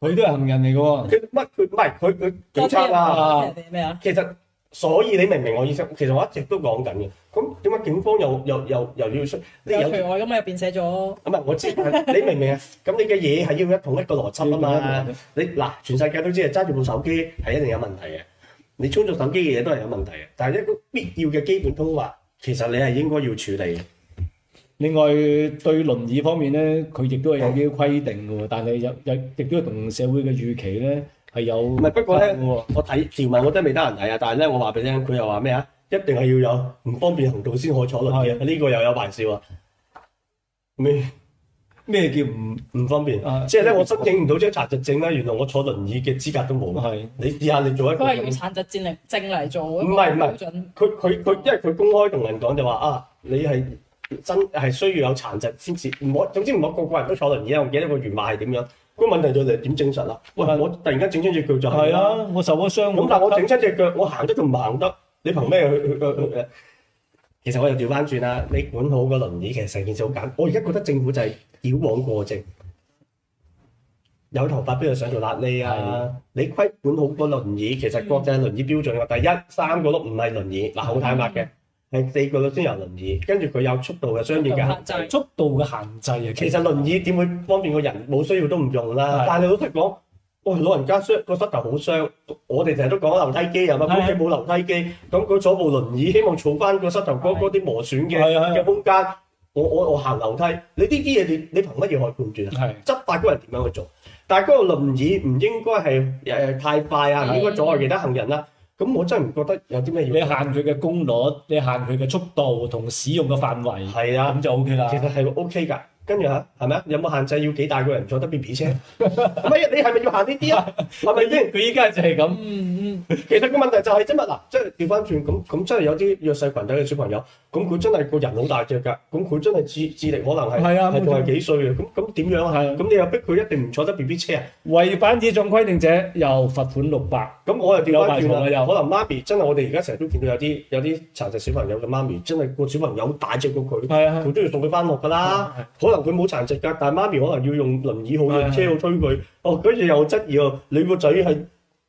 佢都係行人嚟嘅喎。佢乜？佢唔係佢佢警察啊？咩啊？其實，所以你明唔明我意思？其實我一直都講緊嘅。咁點解警方又又又又要出？你有除外嘅嘛？入邊寫咗。唔係，我知。你明唔明啊？咁你嘅嘢係要同一個邏輯啊嘛？你嗱，全世界都知係，揸住部手機係一定有問題嘅。你操作手機嘅嘢都係有問題嘅，但係一個必要嘅基本通話，其實你係應該要處理嘅。另外對輪椅方面咧，佢亦都係有啲規定嘅喎、嗯，但係又又亦都同社會嘅預期咧係有唔係？不過咧、嗯，我睇條文我都係未得閒睇啊！但係咧，我話俾你聽，佢又話咩啊？一定係要有唔方便行動先可坐輪椅，呢、嗯這個又有排笑啊！咩、嗯？咩叫唔唔方便？即係咧，我申請唔到張殘疾證咧，原來我坐輪椅嘅資格都冇。係，你試下你做一個，佢係用殘疾證嚟證嚟做唔係唔係，佢佢佢，因為佢公開同人講就話啊，你係真係需要有殘疾先至。唔好，總之唔好個個人都坐輪椅啊！我記得個原話係點樣，個問題就係點證實啦？喂，我突然間整親隻腳就係、是、啊，我受咗傷。咁但係我整親隻腳，我行得仲唔行得？你憑咩去？其實我又調翻轉啦，你管好個輪椅，其實成件事好簡單。我而家覺得政府就係、是。矯枉過正，有頭髮邊度想做邋痢啊？你規管好個輪椅，其實國際輪椅標準啊，第一三個碌唔係輪椅，嗱好坦白嘅，係四個碌先有輪椅，跟住佢有速度嘅，商業嘅限制，速度嘅限制啊。其實輪椅點會方便個人冇需要都唔用啦。但係你老實講，喂老人家傷個膝頭好傷，我哋成日都講樓梯機啊嘛，屋企冇樓梯機，咁佢坐部輪椅，希望儲翻個膝頭哥嗰啲磨損嘅嘅空間。我我我行樓梯，你呢啲嘢你你憑乜嘢去判斷啊？執法嗰個人點樣去做？但係嗰個輪椅唔應該係誒太快啊，唔應該阻礙其他行人啦、啊。咁我真係唔覺得有啲咩嘢。你限佢嘅功率，你限佢嘅速度同使用嘅範圍，係啊，咁就 OK 啦。其實係 OK 㗎。跟住嚇，係咪有冇限制要幾大個人坐得 B B 車？乜 *laughs* 嘢？ *laughs* 你係咪要行呢啲啊？係咪先？佢依家就係咁。嗯嗯。其實個問題就係即係嗱，即係調翻轉咁，咁真係有啲弱勢群體嘅小朋友，咁佢真係個人好大隻㗎，咁佢真係智智力可能係係啊，係仲係幾歲嘅？咁咁點樣啊？咁你又逼佢一定唔坐得 B B 車啊？ *laughs* *laughs* 違反以上規定者，又罰款六百。咁我又調翻轉又。可能媽咪真係我哋而家成日都見到有啲有啲殘疾小朋友嘅媽咪，真係個小朋友大隻過佢，係啊，佢都要送佢翻學㗎啦、啊。可能。佢冇殘疾㗎，但係媽咪可能要用輪椅好用車好推佢。哦，跟住又質疑哦，你個仔係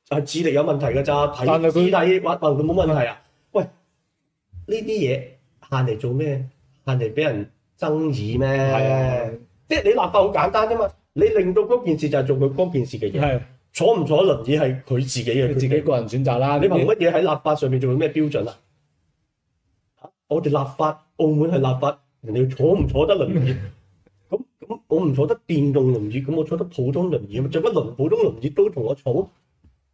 係智力有問題㗎咋？睇肢體話，但係佢冇、啊啊、問題啊。喂，呢啲嘢限嚟做咩？限嚟俾人爭議咩？即係你立法好簡單啫嘛。你令到嗰件事就係做佢嗰件事嘅嘢。係坐唔坐輪椅係佢自己嘅，佢自己個人選擇啦。你憑乜嘢喺立法上面做咩標準啊？的我哋立法，澳門係立法，人哋坐唔坐得輪椅？ *laughs* 我唔坐得電動輪椅，咁我坐得普通輪椅。做乜輪普通輪椅都同我嘈？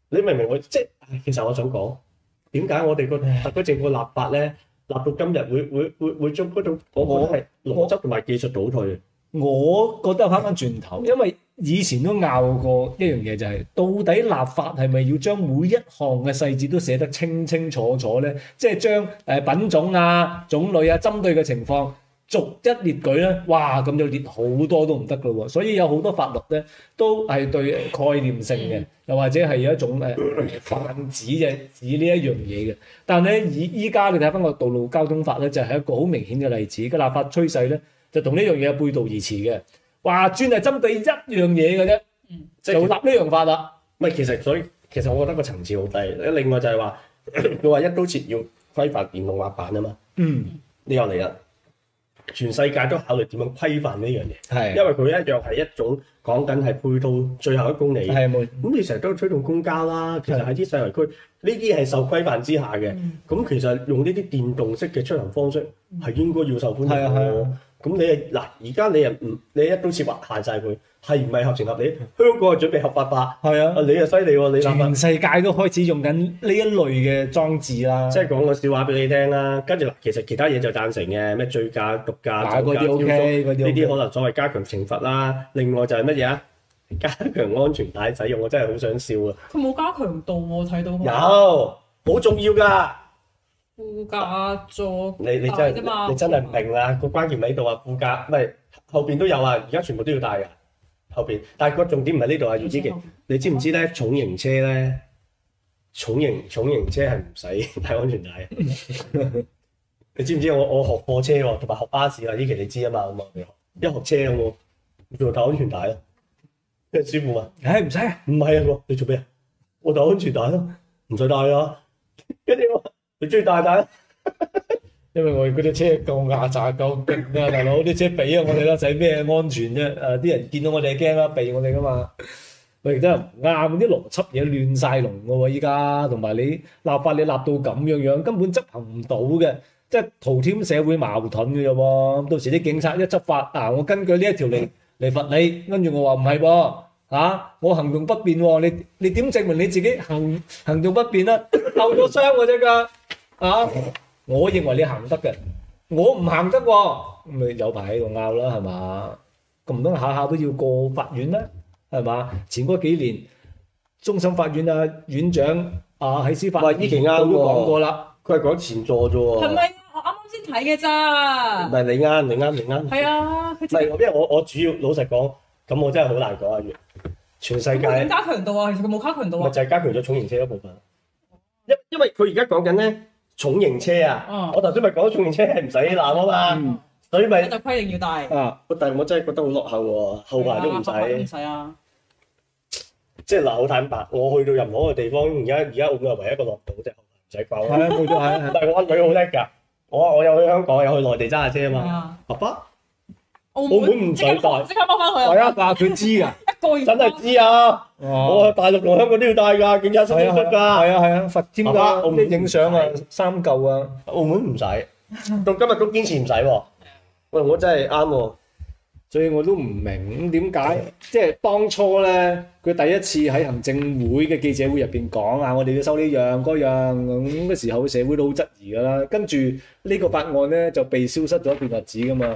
你明唔明我？即係其實我想講，點解我哋個特區政府立法咧， *laughs* 立到今日會會會會將嗰、那、種、個，我覺得係邏輯同埋技術倒退。我，我，我覺得翻返轉頭，因為以前都拗過一樣嘢、就是，就係到底立法係咪要將每一項嘅細節都寫得清清楚楚咧？即、就、係、是、將誒品種啊、種類啊、針對嘅情況。逐一列舉咧，哇咁就列好多都唔得咯喎，所以有好多法律咧都係對概念性嘅，又或者係有一種誒泛指嘅，指呢一樣嘢嘅。但係咧，以依家你睇翻個道路交通法咧，就係一個好明顯嘅例子，個立法趨勢咧就同呢樣嘢背道而馳嘅。話專係針對一樣嘢嘅啫，就立呢樣法啦。唔，其實所以其實我覺得個層次好低。另外就係話，佢話一刀切要規範電動滑板啊嘛。嗯，你又嚟啦。全世界都考慮點樣規範呢樣嘢，係因為佢一樣係一種講緊係配套最後一公里，係冇咁。你成日都推動公交啦，其實喺啲細圍區，呢啲係受規範之下嘅。咁其實用呢啲電動式嘅出行方式係應該要受歡迎咁你啊，嗱，而家你又唔，你一刀切劃限晒佢，係唔係合情合理？香港啊，準備合法化，係啊，你又犀利喎，你諗問，全世界都開始用緊呢一類嘅裝置啦。即係講個笑話俾你聽啦，跟住嗱，其實其他嘢就贊成嘅，咩醉駕、毒駕、酒駕、OK，呢啲、OK，可能所謂加強懲罰啦、OK。另外就係乜嘢啊？加強安全帶使用，我真係好想笑啊！佢冇加強度我睇到。有，好重要㗎。副駕座，你你真係你真係唔明啊。個關鍵喺度啊！副駕咪後邊都有啊，而家全部都要帶啊。後邊。但係個重點唔係呢度啊，余子琪，你知唔知咧？重型車咧，重型重型車係唔使帶安全帶。 *laughs* *laughs* 你知唔知我我，我學貨車同、啊、埋學巴士啊？依期你知啊嘛？咁啊，一學車我、啊、做帶安全帶咯、啊，跟住師傅問，唉唔使，唔係啊，你做咩啊？我帶安全帶咯，唔使帶啊，跟住 *laughs* 你中意大膽， *laughs* 因為我嗰啲車夠壓榨，夠勁啊！大佬啲車避啊我哋啦，使咩安全啫？誒、呃，啲人見到我哋驚啦，避我哋噶嘛？喂，真係唔啱啲邏輯嘢，亂晒龍噶喎！依家同埋你立法，你立到咁樣樣，根本執行唔到嘅，即係徒添社會矛盾嘅啫。到時啲警察一執法，嗱、啊，我根據呢一條嚟嚟罰你，跟住我話唔係噃。啊！我行動不便、啊，你你點證明你自己行行動不便啊？受咗傷嘅啫，噶啊！我認為你行得嘅，我唔行得、啊，咪有排喺度拗啦，係嘛？咁唔通下下都要過法院啦，係嘛？前嗰幾年，終審法院阿、啊、院長啊喺司法院，呢件拗都講過啦，佢係講前座啫，係咪？我啱啱先睇嘅咋，唔係你啱，你啱，你啱，係啊！唔係，因為我我主要老實講，咁我真係好難講阿全世界唔加強度啊，其實佢冇加強度啊，就係加強咗重型車一部分。因因為佢而家講緊咧重型車啊，我頭先咪講咗重型車係唔使籃啊嘛、嗯，所以咪就係、規定要戴啊。但係我真係覺得好落後喎、啊啊，後排都唔使、啊，即係嗱，好坦白，我去到任何一個地方，而家而家澳門係唯一一個落後，即係後排唔使包。係啊， *laughs* 但我都但係我運隊好叻㗎，我我有去香港，有去內地揸車嘛、啊，爸爸。澳門唔使戴，即刻攞翻去。係 *laughs* 啊，佢知噶，一個月真係知啊。我、啊、去大陸同香港都要戴噶，件衫都唔得噶。係啊，係啊，啊，啊，啊，佛尖啊，澳門影相啊，三舊啊。澳門唔使、啊啊啊，到今日都堅持唔使喎。 *laughs* 喂，我真係啱喎，所以我都唔明點解，即係當初咧，佢第一次喺行政會嘅記者會入邊講啊，我哋要收呢樣嗰樣，咁嗰時候社會都好質疑噶啦。跟住呢個法案咧就被消失咗一段日子噶嘛。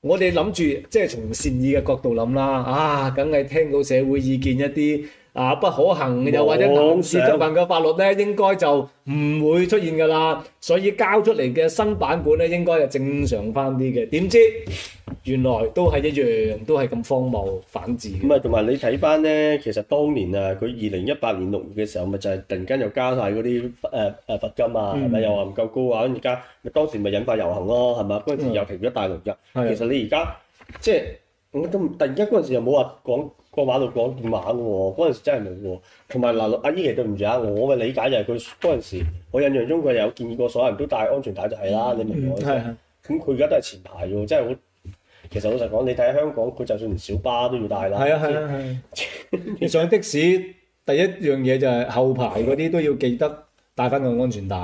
我哋諗住，即係從善意嘅角度諗啦，啊，梗係聽到社會意見一啲。啊，不可行，又或者牀市執行嘅法律咧，應該就唔會出現㗎啦。所以交出嚟嘅新版本咧，應該係正常翻啲嘅。點知原來都係一樣，都係咁荒謬反智。咁啊，同埋你睇翻咧，其實當年啊，佢二零一八年六月嘅時候，咪就係、是、突然間又加晒嗰啲誒誒罰金啊，係、嗯、咪又話唔夠高啊？而家當時咪引發遊行咯，係嘛？嗰陣時又停咗大龍骨。其實你而家即係我都突然間嗰陣時又冇話講。過馬度過電馬嘅喎，嗰時真係冇喎。同埋嗱，阿姨對唔住啊，不我嘅理解就係佢嗰陣時，我印象中佢有建議過所有人都帶安全帶就係啦、嗯，你明我明、這、啫、個？咁佢而家都係前排喎，真係好。其實老實講，你睇香港，佢就算連小巴都要帶啦。係啊係啊！你啊啊啊 *laughs* 上的士第一樣嘢就係、是、後排嗰啲都要記得帶翻個安全帶。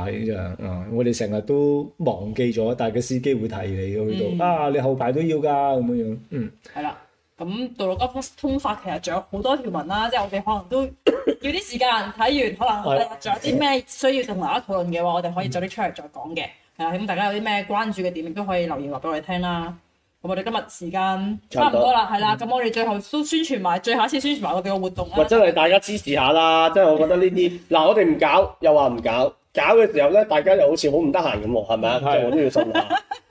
嗯，我哋成日都忘記咗，但係個司機會提你嘅嗰度。啊，你後排都要㗎咁樣。嗯，係啦、啊。咁道路交通法其實仲有好多條文啦、啊，即、就、係、是、我哋可能都要啲時間睇完， *coughs* 可能仲有啲咩需要同大家討論嘅話，我哋可以早啲出嚟再講嘅。係啦，咁大家有啲咩關注嘅點，亦都可以留言話俾我哋聽啦。咁我哋今日時間差唔多啦，係啦，咁、嗯、我哋最後都宣傳埋，嗯、最後一次宣傳埋我哋嘅活動啦、啊。咪真係大家支持下啦！即係，我覺得呢啲嗱，我哋唔搞又話唔搞，搞嘅時候咧，大家又好似好唔得閒咁喎，係咪啊？我都要信啊！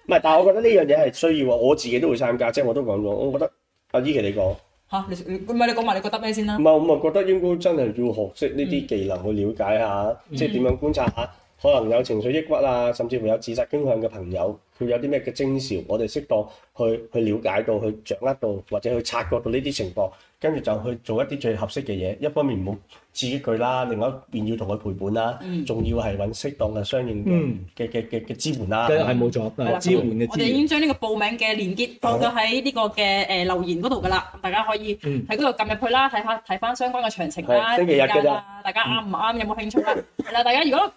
唔 *laughs* 但係我覺得呢樣嘢係需要，我自己都會參加，即、就、係、是、我都講咗，我覺得。阿、啊、依琪，你講嚇，你唔係你講埋你覺得咩先啦、啊？唔係我咪覺得應該真係要學識呢啲技能去了解下，嗯、即係點樣觀察下，可能有情緒抑鬱啊，甚至乎有自殺傾向嘅朋友，佢有啲咩嘅徵兆，嗯、我哋適當去去了解到，去掌握到，或者去察覺到呢啲情況，跟住就去做一啲最合適嘅嘢。一方面冇。至於佢啦，另外一邊要同佢陪伴啦，仲、嗯、要係揾適當嘅相應嘅嘅嘅嘅支援啦，冇錯、嗯、支援嘅我哋已經將呢個報名嘅連結放咗喺呢個嘅留言嗰度㗎啦，大家可以喺嗰度撳入去啦，睇下睇翻相關嘅詳情啦，星期日啦，大家啱唔啱？有冇興趣啦，大家如果誒、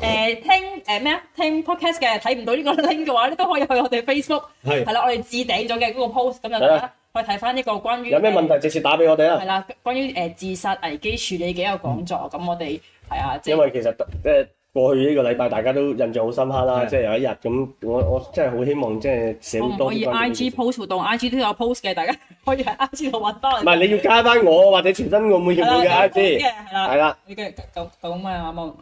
呃、聽誒咩啊，聽 podcast 嘅睇唔到呢個 link 嘅話咧，都可以去我哋 Facebook 係，啦，我哋置頂咗嘅嗰個 post，咁就得啦。去睇翻呢個關於有咩問題，直接打俾我哋啦。係啦，關於誒自殺危機處理嘅一個講座，咁我哋係啊，因為其實即係過去呢個禮拜，大家都印象好深刻啦。即係有一日咁，我我真係好希望即係社會多啲關注。可以 I G post 活動，I G 都有 post 嘅，大家可以喺 I G 度揾翻。唔係你要加翻我或者傳新澳門協會嘅 I G。係啦，係啦。你嘅九九蚊阿媽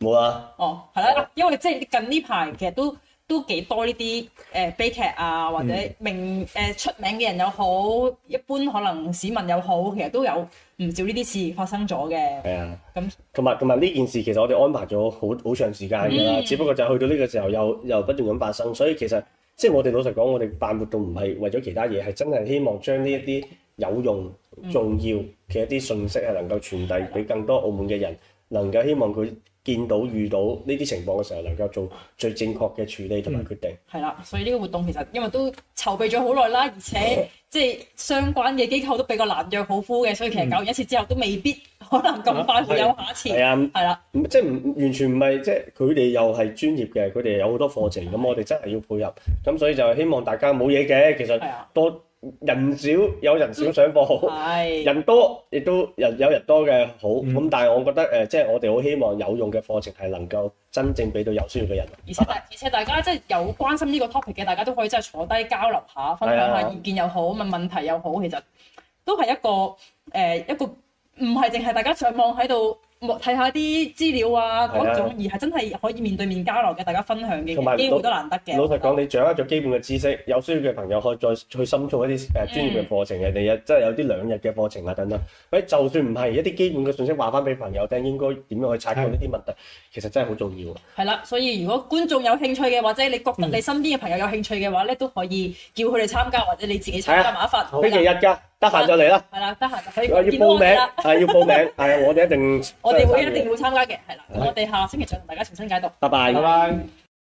冇啦。哦，係、啊、啦、啊，因為你即係近呢排其實都。都幾多呢啲誒悲劇啊，或者名誒出名嘅人又好、嗯，一般可能市民又好，其實都有唔少呢啲事發生咗嘅。係、嗯、啊，咁同埋同埋呢件事，其實我哋安排咗好好長時間㗎啦、嗯，只不過就係去到呢個時候又又不斷咁發生，所以其實即係我哋老實講，我哋辦活動唔係為咗其他嘢，係真係希望將呢一啲有用、重要嘅一啲信息係能夠傳遞俾更多澳門嘅人，能夠希望佢。見到遇到呢啲情況嘅時候，能夠做最正確嘅處理同埋決定。係啦，所以呢個活動其實因為都籌備咗好耐啦，而且即係相關嘅機構都比較難約好夫嘅，所以其實搞完一次之後都未必可能咁快會有下一次。係啊，係啦，即係唔完全唔係，即係佢哋又係專業嘅，佢哋有好多課程，咁我哋真係要配合。咁所以就希望大家冇嘢嘅，其實多。人少有人少上課好，嗯、人多亦都人有人多嘅好。咁、嗯、但係我覺得、呃、即係我哋好希望有用嘅課程係能夠真正俾到有需要嘅人。而且、啊、而且大家即係有關心呢個 topic 嘅，大家都可以真係坐低交流下，分享下意見又好，問問題又好，其實都係一個、呃、一個唔係淨係大家上網喺度。睇下啲資料啊，嗰種是、啊、而係真係可以面對面交流嘅，大家分享嘅機會都難得嘅。老實講，你掌握咗基本嘅知識，有需要嘅朋友可以再去深造一啲誒專業嘅課程，你日真係有啲兩日嘅課程啊等等。喂，就算唔係一啲基本嘅信息，話翻俾朋友聽，應該點樣去察覺呢啲問題、啊，其實真係好重要、啊。係啦、啊，所以如果觀眾有興趣嘅，或者你覺得你身邊嘅朋友有興趣嘅話咧、嗯，都可以叫佢哋參加，或者你自己參加埋一份。幾、啊、日㗎？得閒就嚟啦，係啦，得閒就可以我要報名，係、 *laughs* 啊、要報名，係我哋一定，我哋會一定會參加嘅，係啦。我哋下星期再同大家傳新解毒。拜拜。Bye bye。